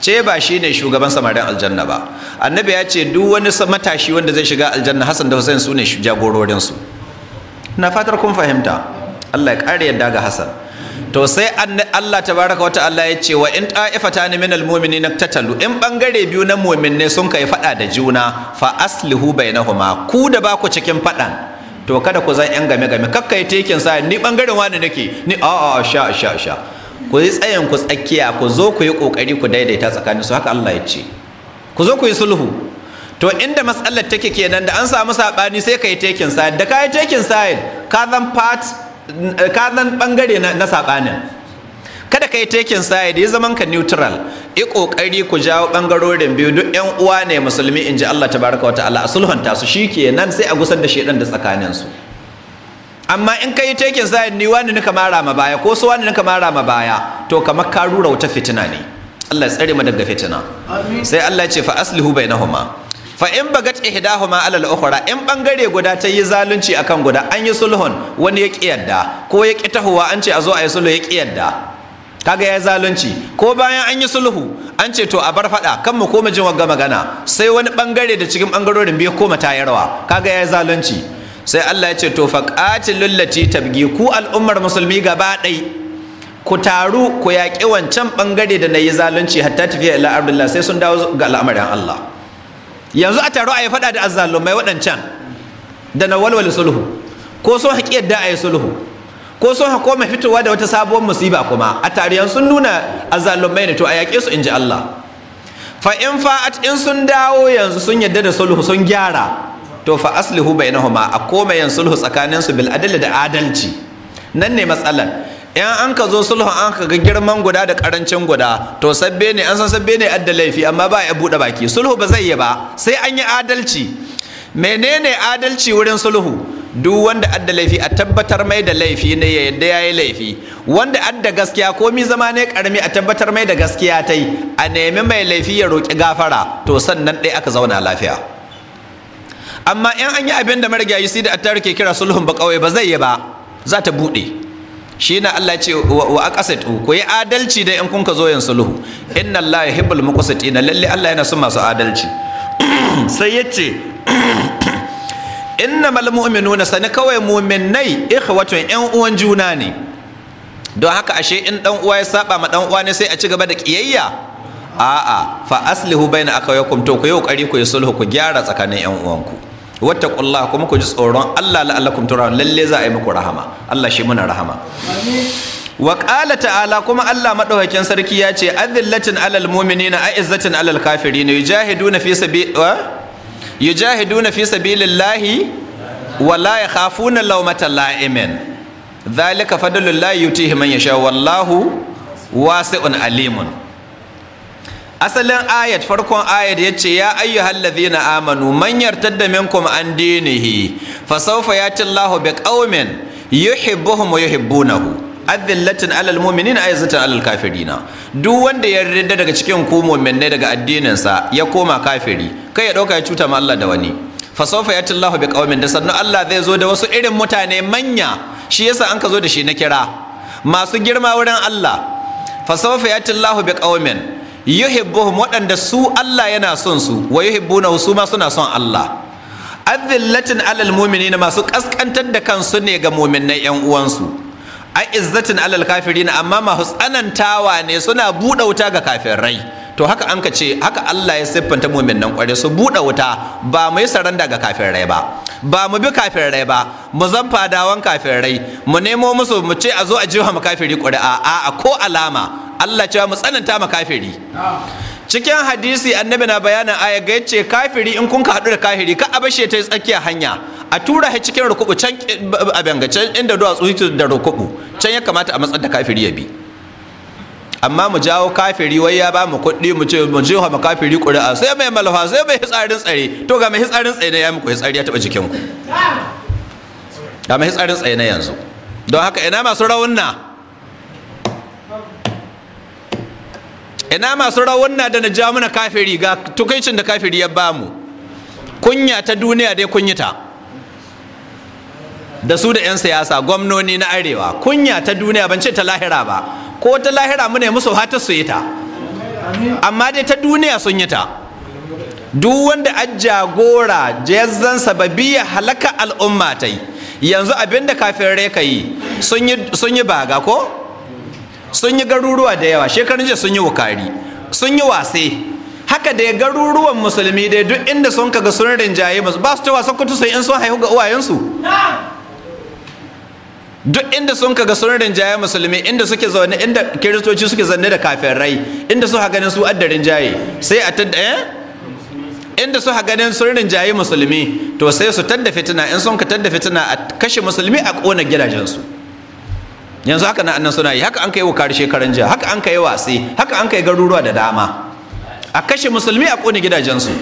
ce ba shi ne shugaban samarin aljanna ba annabi ya ce duk wani matashi wanda zai shiga aljanna hassan da hussein su ne jagororinsu na fatar kun fahimta allah ya ƙara yadda ga hassan to sai allah baraka wata allah ya ce wa in ta'ifata ni mumini na tattalu, in bangare biyu na ne sun kai fada da juna fa aslihu bainahuma ku da ba ku cikin fadan to kada ku zan yan game game kakkai tekin sa ni bangaren wani nake ni a'a sha sha sha ku yi tsayin ku tsakiya ku zo ku yi kokari ku daidaita tsakanin su haka Allah ya ce ku zo ku yi sulhu to inda matsalar take kenan da an samu sabani sai ka yi taking side da ka yi taking side ka zan part ka zan bangare na, na sabanin kada ka yi taking side yi zaman ka neutral yi kokari ku jawo bangarorin biyu duk yan uwa ne musulmi inji Allah tabaraka wa ta'ala sulhunta su shikenan sai a gusar da shedan da tsakanin su amma in ka yi taken sayan ni wani nika mara ma baya ko su wani nika mara ma baya to kamar ka rura wata fitina ne Allah tsare mu daga fitina sai Allah ce fa aslihu bainahuma fa in bagat ihdahuma ala al-ukhra in bangare guda ta yi zalunci akan guda an yi sulhun wani ya kiyarda ko ya ki tahuwa an ce a zo a yi sulhu ya kiyarda kaga ya zalunci ko bayan an yi sulhu an ce to a bar fada kan mu koma jin wagga magana sai wani bangare da cikin bangarorin biyu koma tayarwa kaga ya zalunci sai Allah ya ce to faqatilul lati tabgi ku al'ummar musulmi gaba dai ku taru ku yaƙi wancan bangare da nayi zalunci hatta tafiya ila abdullah sai sun dawo ga al'amarin Allah yanzu a taro a yi faɗa da mai waɗancan da na walwale sulhu ko sun haƙi yadda a yi sulhu ko sun hako mai fitowa da wata sabuwar musiba kuma a tariyan sun nuna mai ne to a yaƙe su in ji Allah fa in fa'at in sun dawo yanzu sun yadda da sulhu sun gyara to fa aslihu bainahuma a koma yin sulhu tsakanin su bil adl da adalci nan ne matsalar in an ka zo sulhu an ka ga girman guda da karancin guda to sabbe ne an san sabbe ne adda laifi amma ba ya buɗe baki sulhu ba zai yi ba sai an yi adalci menene adalci wurin sulhu duk wanda adda laifi a tabbatar mai da laifi ne ya yadda ya yi laifi wanda adda gaskiya komi zama ne karami a tabbatar mai da gaskiya ta yi a nemi mai laifi ya roƙi gafara to sannan ɗaya aka zauna lafiya amma in an yi abin da marigayi sai da attari ke kira sulhun ba kawai ba zai yi ba za ta buɗe shi na Allah ce wa ta ku yi adalci da in kun ka zo yin sulhu inna Allah yuhibbul muqsitin lalle Allah yana son masu adalci sai yace innamal mu'minuna sani kawai mu'minnai ikhwatun yan uwan juna ne don haka ashe in dan uwa ya saba ma dan uwa ne sai a ci gaba da kiyayya a'a fa aslihu bayna akawaykum to ku yi kokari ku yi sulhu ku gyara tsakanin yan uwanku wattaqullah kuma ku ji tsoron Allah la'allakum turhamun lalle za a yi muku rahama Allah shi muna rahama wa qala ta'ala kuma Allah madaukakin sarki ya ce azillatin alal mu'minina a'izzatin alal kafirin yujahiduna fi sabi yujahiduna fi sabilillahi wa la yakhafuna lawmata la'imin dhalika fadlullahi yutihi man yasha wallahu wasi'un alimun asalin ayat farkon ayat ya ce ya ayyuhal ladhina amanu man yartadda minkum an dinihi fa sawfa yati Allahu bi qaumin yuhibbuhum wa yuhibbunahu adillatin alal mu'minin ayzatin alal kafirina duk wanda ya ridda daga cikin ku mu'minai daga addininsa ya koma kafiri kai ya dauka ya cuta ma Allah da wani fa sawfa yati Allahu bi qaumin da sannu Allah zai zo da wasu irin mutane manya shi yasa an ka zo da shi na kira masu girma wurin Allah fa sawfa yati Allahu bi qaumin yuhibbuhum waɗanda su Allah yana son su wa yuhibbuna su ma suna son Allah azillatin alal mu'minina masu kaskantar da kansu ne ga mu'minai yan uwansu a izzatin alal kafirin amma masu tsanantawa ne suna buɗauta ga kafirai to haka an ka ce haka Allah ya siffanta nan kware su buɗe wuta ba mu yi saranda ga rai ba ba mu bi kafin rai ba mu zan fadawan rai, mu nemo musu mu ce a zo a jiwa mu kafiri ƙuri'a a ko alama Allah cewa mu tsananta mu kafiri cikin hadisi annabi na bayanin aya ga yace kafiri in kun ka hadu da kafiri ka abashe ta tsakiya hanya a tura shi cikin rukubu can abin inda duwatsu da rukubu can ya kamata a matsar da kafiri ya bi amma mu jawo kafiri wai ya ba mu kuɗi mu ce mu jiho mu kafiri ƙuri'a sai mai malafa sai mai hitsarin tsare to ga mai hitsarin tsare na ya muku hitsari ya taɓa jikin ku. ga mai hitsarin tsare na yanzu don haka ina masu raunna ina masu raunna da na jawo muna kafiri ga tukuncin da kafiri ya bamu kunya ta duniya dai ta da su da 'yan siyasa gwamnoni na arewa kunya ta duniya ban ce ta lahira ba ko ta lahira ne musu hatar su yi ta amma dai ta duniya sun yi ta duk wanda a jagora jazzan ya halaka al'umma ta yi yanzu abinda kafin ka yi sun yi baga ko sun yi garuruwa da yawa shekarun jiya sun yi wukari sun yi wase haka da ya garuruwan musulmi dai duk inda sun kaga sun rinjaye ba su ta wasan kutu sai in sun haihu ga uwayensu duk inda sun kaga sun rinjaye musulmi inda suke zaune inda kiristoci suke zanne da kafirai inda su ha ganin su adda rinjaye sai a tadda eh inda su ha ganin sun rinjaye musulmi to sai su tadda fitina in sun ka tadda fitina a kashe musulmi a kona gidajensu yanzu haka na annan suna yi haka an kai wa karshe karan jiya haka an kai wasi, haka an kai garuruwa da dama a kashe musulmi a kona gidajensu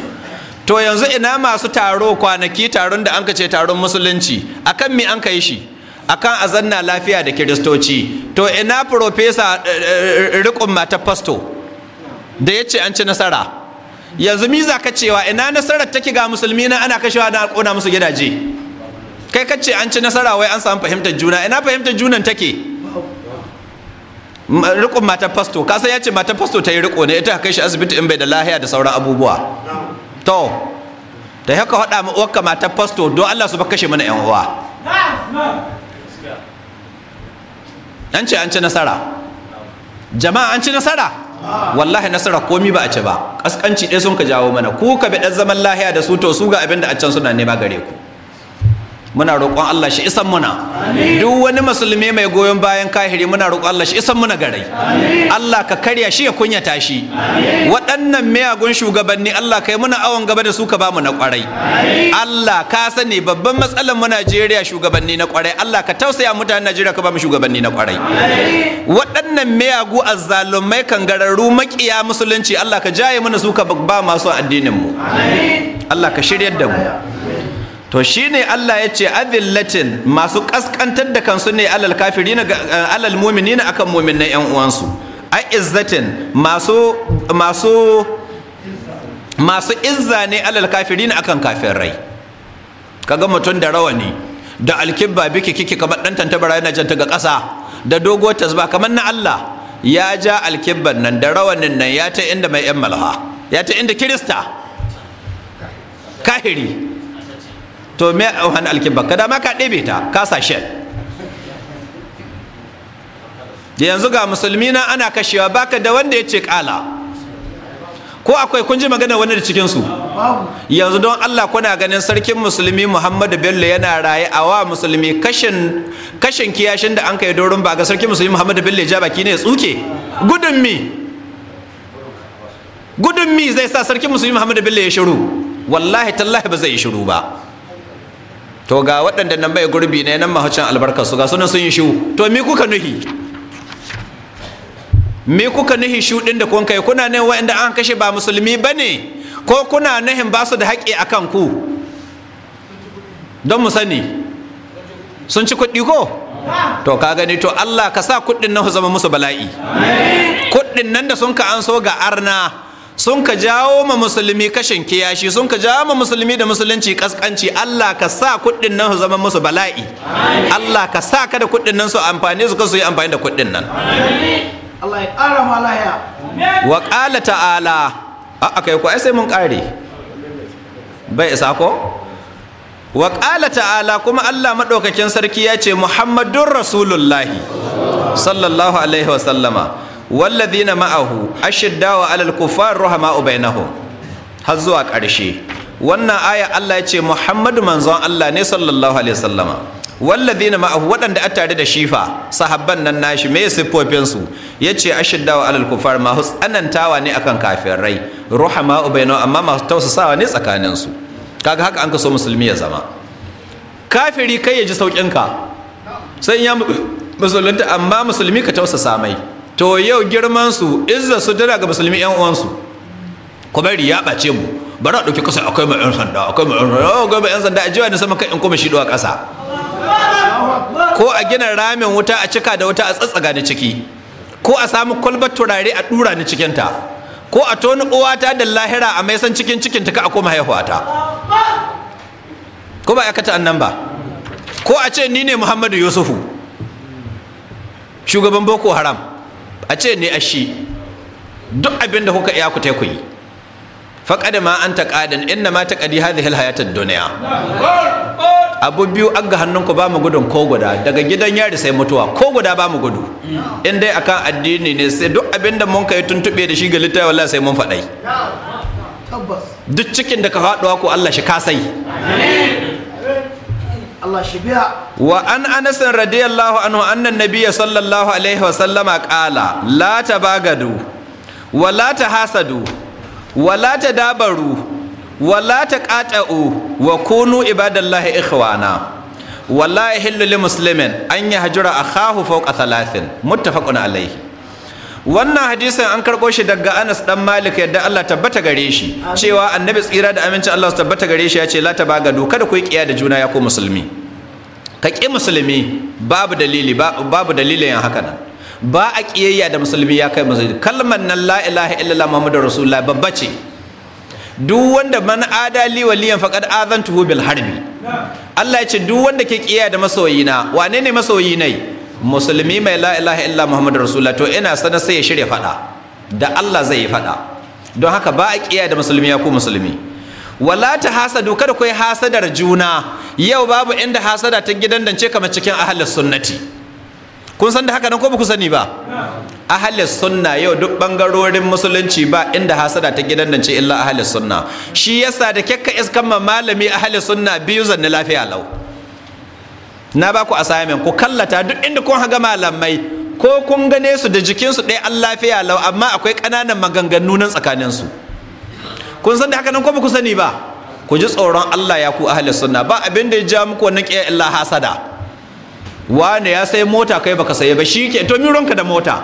to yanzu ina masu taro kwanaki taron da an ka ce taron musulunci akan me an kai shi akan a zanna lafiya da kiristoci to ina profesa eh, eh, rikon mata fasto da ya ce an ci nasara yanzu miza ka cewa ina nasarar take ga musulmi na ana kashewa na alƙona musu gidaje kai ka ce an ci nasara wai an samu fahimtar juna ina fahimtar junan take rikon mata fasto kasan ya ce mata fasto ta yi riko ne ita kai shi asibiti in bai da lahiya da sauran abubuwa to da haka faɗa wakka mata fasto don allah su ba kashe mana yan uwa an ce an ci nasara jama'a an ci nasara wallahi nasara komi ba a ci ba kaskanci ɗaya sun ka jawo mana ku ka bi ɗan zaman lahiya da su to su ga abin da a can suna nema gare ku muna roƙon Allah shi isan muna duk wani musulmi mai goyon bayan kahiri muna roƙon Allah shi isan muna garai Allah ka karya shi ya kunyata shi waɗannan miyagun shugabanni Allah kai muna awon gaba da su ka bamu na ƙwarai Allah ka sani babban matsalar mu Najeriya shugabanni na ƙwarai Allah ka tausaya mutanen Najeriya ka bamu shugabanni na ƙwarai waɗannan miyagu azzalumai kangararru makiya musulunci Allah ka jaye mana su ka ba masu addinin mu Allah ka shiryar da mu to shi ne Allah ya ce azillatin masu kaskantar da kansu ne alal na eh, alal na akan mumin yan uwansu aizzatin masu masu masu izza ne alal na akan kafin Ka kaga mutum da rawani da alkibba biki kiki kamar dan tantabara yana janta ga ƙasa da dogo tasba kamar na Allah ya ja alkibban nan da rawanin nan ya ta inda mai yan malha ya ta inda kirista kahiri to me wani alkibba kada ma ka ɗebe ta ka sa shell yanzu ga musulmi na ana kashewa baka da wanda ya ce kala ko akwai kun ji magana wani da cikinsu yanzu don allah kuna ganin sarkin musulmi muhammadu bello yana raye a wa musulmi kashin kiyashin da an kai doron ba ga sarkin musulmi muhammadu bello ya ja baki ne ya tsuke gudun mi gudun mi zai sa sarkin musulmi muhammadu bello ya shiru wallahi tallahi ba zai yi shiru ba to ga waɗanda nan bai gurbi ne nan albarka albarkarsu ga sunan sun yi shu to me kuka nuhi me kuka nuhi shu ɗin da kun yi kuna ne waɗanda an kashe ba musulmi ba ne ko kuna nuhin ba su da haƙƙi a kan ku don mu sani sun ci kuɗi ko to ka gani to Allah ka sa kuɗin nan zama musu bala'i kuɗin nan da sun ka an so ga arna sun ka jawo ma musulmi kashin kiyashi sun ka jawo ma musulmi da musulunci kaskanci Allah ka sa kuɗin nan su zama musu bala'i Allah ka sa ka da kuɗin nan su amfani su su yi amfani da kuɗin nan Allah ya ƙara wa ƙala ta'ala a aka yi ai sai mun ƙare bai isa ko wa ƙala ta'ala kuma Allah maɗaukakin sarki ya ce Muhammadun Rasulullahi sallallahu alaihi wa sallama والذين معه أشداء alal kufar رحماء بينهم har zuwa ƙarshe wannan aya Allah ya ce Muhammadu manzon Allah ne sallallahu alaihi wasallama walladhina ma'ahu waɗanda a tare da shifa sahabban nan nashi me ya su yace ashiddawa alal kufar ma tsanantawa ne akan kafirai ruhama ubaino amma masu tausasawa ne tsakanin su kaga haka an ka so musulmi ya zama kafiri kai ya ji saukin ka sai ya musulunta amma musulmi ka tausasa mai to yau girman su izza su tana ga musulmi yan uwansu kuma ya bace mu bari a ɗauki kasa akwai mai yan sanda akwai mai sanda oh, akwai mai yan sanda a jiwa ne sama kan in kuma shi ɗuwa ƙasa ko a gina ramin wuta a cika da wuta a tsatsaga ni ciki ko a samu kwalbar turare a ɗura ni cikinta ko a toni uwata da lahira a mai san cikin cikin ta ka a koma haihuwata ko ba ya kata annan ba ko a ce ni ne muhammadu yusufu shugaban boko haram a ce ne a shi duk abin da kuka iya ku ta yi faƙada ma an taƙadan inda ma taƙadi hadhihi hayatar ta abu biyu an ga hannunku ba mu gudun ko guda daga gidan yari sai mutuwa ko guda ba mu gudu in dai akan addini ne sai duk abin da mun kai tuntuɓe da shi ga littafi wallahi sai mun faɗai duk cikin da ka faɗuwa ko Allah shi ka sai. Allah shi biya wa an anas radiyallahu anhu annan nabiya sallallahu alaihi wa sallama qala la tabagadu wa la Hasadu, wa la Dabaru, wa la taqata'u wa kunu ibadallahi ikhwana wallahi hillu li muslimin an yahjura akhahu fawqa thalathin muttafaqun alaihi wannan hadisin an karɓo shi daga Anas dan Malik yadda Allah tabbata gare shi cewa annabi tsira da amincin Allah su tabbata gare shi ya ce lata ba gado, kada ku yi kiya da juna ya ko musulmi ka ƙi musulmi babu dalili babu dalilin yan haka nan ba a ƙiyayya da musulmi ya kai musulmi kalmar nan la ilaha illallah muhammadur rasulullah babba ce duk wanda man adali waliyan faqad azantuhu bil harbi Allah ya ce duk wanda ke ƙiyayya da masoyina wane ne masoyi nai musulmi mai la ilaha illa muhammadu rasulullah to ina sanar sai ya shirya fada da Allah zai yi fada don haka ba a kiyaye da musulmi ya ku musulmi wala ta hasadu kada ku yi hasadar juna yau babu inda hasada ta gidan dance kamar cikin ahalis sunnati kun san da haka nan ko ba ku sani ba ahalis sunna yau duk bangarorin musulunci ba inda hasada ta gidan dance illa ahalis sunna shi yasa da kyakka iskan malami ahalis sunna biyu zanni lafiya lau na ba ku assignment ku kallata duk inda kun haga malamai ko kun gane su da jikinsu ɗaya an lafiya lau amma akwai kananan maganganu nan tsakaninsu kun san da haka nan ko ba sani ba ku ji tsoron Allah ya ku ahli sunna ba abin da ya ja muku wannan ƙiya illa hasada wane ya sai mota kai baka saye ba shi ke to ronka da mota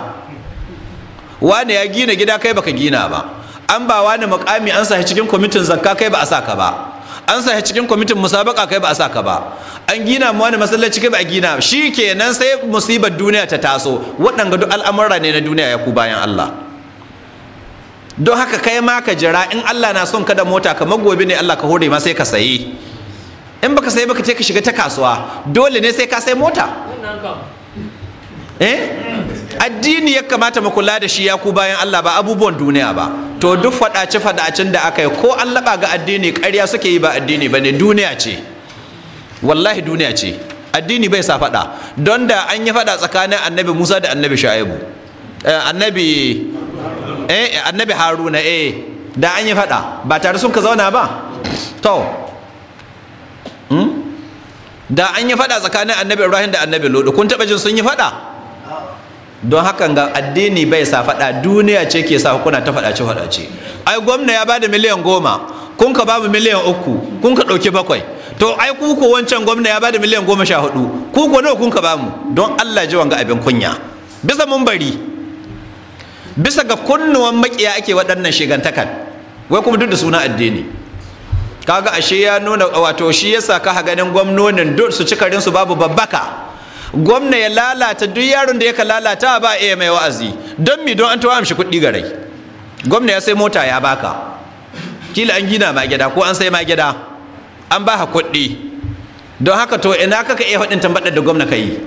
wane ya gina gida kai baka gina ba an ba wani mukami an sa cikin kwamitin zakka kai ba a saka ba an sa cikin kwamitin musabaka kai ba a sa ka ba an gina mu wani masallaci kai ba a gina shi kenan sai musibar duniya ta taso waɗanga duk al'amura ne na duniya ya ku bayan Allah don haka kai ma ka jira in Allah na son ka da mota kamar gobe ne Allah ka hore ma sai ka sayi in baka sayi baka ce ka shiga ta kasuwa dole ne sai ka sayi mota eh hmm. addini ya kamata mu kula da shi ya ku bayan Allah ba abubuwan duniya ba to duk faɗace faɗacen da aka yi ko an laɓa ga addini ƙarya suke yi ba addini ba ne duniya ce wallahi duniya ce addini bai sa faɗa don da an yi faɗa tsakanin annabi musa da annabi sha'ibu eh, annabi eh annabi haruna eh da an yi faɗa ba tare sun ka zauna ba to hmm? da an yi faɗa tsakanin annabi ibrahim da annabi lodo kun taɓa jin sun yi faɗa don hakan ga addini bai sa faɗa duniya ce ke sa kuna ta faɗace faɗace ai gwamna ya ba da miliyan goma kun ka ba mu miliyan uku kun ka ɗauki bakwai to ai ku ko wancan gwamna ya ba da miliyan goma sha hudu ku ko nawa kun ka ba mu? don Allah ji wanga abin kunya bisa mun bari bisa ga kunnuwan makiya ake waɗannan shigantakar. wai kuma duk da suna addini kaga ashe ya nuna wato shi yasa ka ganin gwamnonin duk su cikarin su babu babbaka gwamna ya lalata duk yaron da yaka lalata ba iya mai wa'azi don mi don an tawa amshi kuɗi ga rai gwamna ya sai mota ya baka kila an gina magida ko an sai magida an ba ka kuɗi don haka to ina kaka iya faɗin tambaɗar da gwamna ka yi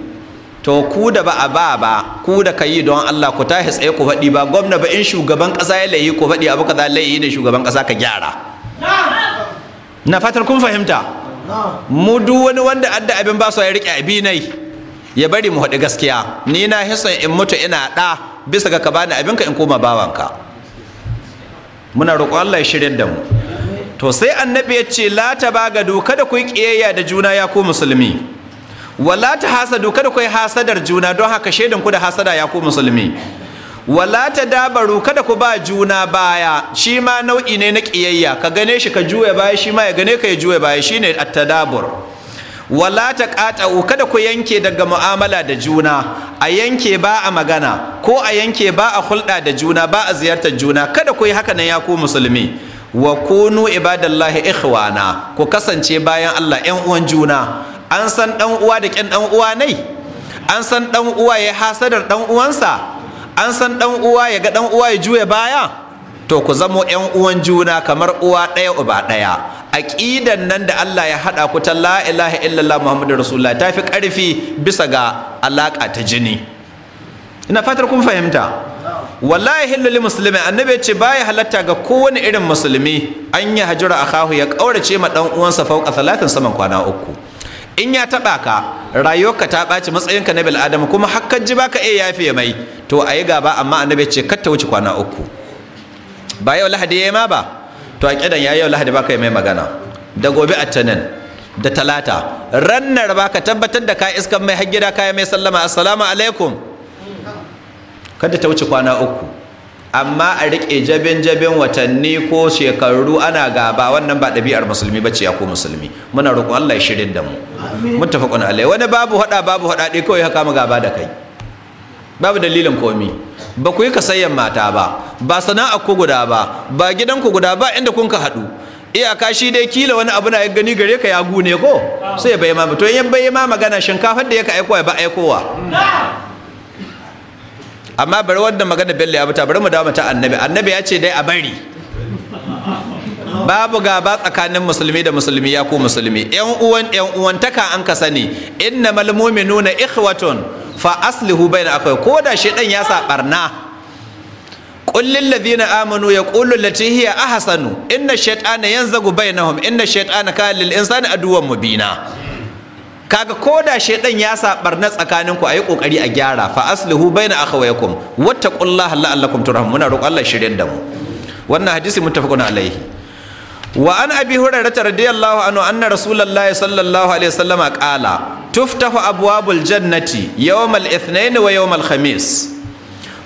to ku da ba a ba ba ku da ka yi don Allah ku tashi tsaye ku faɗi ba gwamna ba in shugaban ƙasa ya layi ku faɗi abu kaza layi ne shugaban ƙasa ka gyara na fatar kun fahimta mu duk wani wanda adda abin ba su ya riƙe abinai ya bari mu haɗu gaskiya ni na hisan in mutu ina ɗa bisa ga ka bani abinka in koma bawanka muna roƙo Allah ya shirin da mu to sai annabi ya ce la ta doka da ku yi ƙiyayya da juna ya ku musulmi wala ta hasadu kada ku hasadar juna don haka shaidan ku da hasada ya ku musulmi wala ta dabaru kada ku ba juna baya shi ma nau'i ne na ƙiyayya ka gane shi ka juya baya shi ma ya gane ka ya juya baya shine at-tadabur wala ta ƙata'u kada ku yanke daga mu'amala da juna a yanke ba a magana ko a yanke ba a hulɗa da juna ba a ziyartar juna kada ku yi haka nan ya ku musulmi wa kunu ibadallahi ikhwana ku kasance bayan Allah ƴan uwan juna an san ɗan uwa da ƙyan ɗan uwa ne an san ɗan uwa ya hasadar ɗan uwansa an san ɗan uwa ya ga ɗan uwa ya juya baya to ku zamo 'yan uwan juna kamar uwa ɗaya uba ɗaya aqidan nan da Allah ya haɗa ku ta la ilaha illallah muhammadur rasulullah ta fi karfi bisa ga alaƙa ta jini ina fatar kun fahimta wallahi hillali muslimi annabi ya ce baya halatta ga kowane irin musulmi an ya a kahu ya kaurace ma ɗan uwansa fauka salatin saman kwana uku in ya taɓa ka rayuwarka ta ɓaci matsayinka na bil adam kuma hakkan ji baka iya yafe mai to ayi gaba amma annabi ce kar ta wuce kwana uku ba yau lahadi yi ma ba to a kidan yayi yau lahadi baka yi mai magana da gobe attanin da talata rannar baka tabbatar da ka iskan mai har gida kaya mai sallama assalamu alaikum kada ta wuce kwana uku amma a riƙe jabin jabin watanni ko shekaru ana gaba wannan ba ɗabi'ar musulmi bace ya ko musulmi muna roƙon Allah shirin da mu muttafaqun alai wani babu haɗa babu haɗa dai kawai ya kama gaba da kai babu dalilin komi ba ku yi kasayyan mata ba ba sana'a ku guda ba ba gidan ku guda ba inda kun ka haɗu iyaka shi dai kila wani abu na gani gare ka ya gune ko sai ya bayyana to yan bayyana magana shinkafar da ya aikowa ba aikowa amma bari wanda magana bello ya buta bari mu dawo ta annabi annabi ya ce dai a bari babu gaba tsakanin musulmi da musulmi ya ku musulmi yan uwan yan uwantaka an ka sani innamal mu'minuna ikhwatun fa aslihu baina akwai ko da shedan ya sa barna kullil ladina amanu yaqulu lati hiya ahsanu inna shaytana yanzagu bainahum inna shaytana kana lil insani aduwwan mubina kaga ko da shaydan ya sa barna tsakanin ku ayi kokari a gyara fa aslihu baina akhawaykum wattaqullaha la'allakum turhamun muna roƙon Allah shirin da mu wannan hadisi muttafaqun alaihi wa an abi hurairah radiyallahu anhu anna rasulullahi sallallahu alaihi wasallam qala tuftahu abwabul jannati yawmal ithnain wa yawmal khamis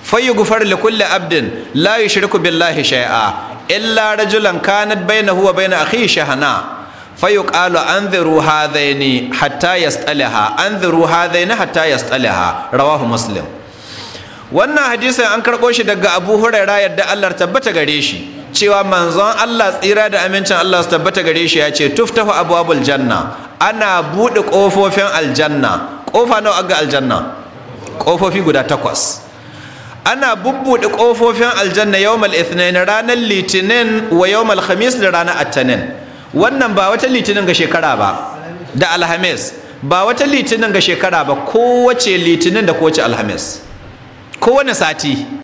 fayughfar likulli abdin la yushriku billahi shay'a illa rajulan kanat bainahu wa bain akhihi shahana fayuqalu anziru hadaini hatta yastalaha anziru hadaini hatta yastalaha rawahu muslim wannan hadisin an karɓo shi daga abu huraira yadda allah tabbata gare shi cewa manzon Allah tsira da amincin Allah su tabbata gare shi ya ce tuftahu abwabul janna ana buɗe ƙofofin aljanna ƙofa nawa ga aljanna ƙofofi guda takwas ana bubbuɗe ƙofofin aljanna yawmal ithnain ranar litinin wa yawmal khamis da ranar attanin wannan ba wata litinin ga shekara ba da alhamis ba wata litinin ga shekara ba kowace litinin da kowace alhamis kowane sati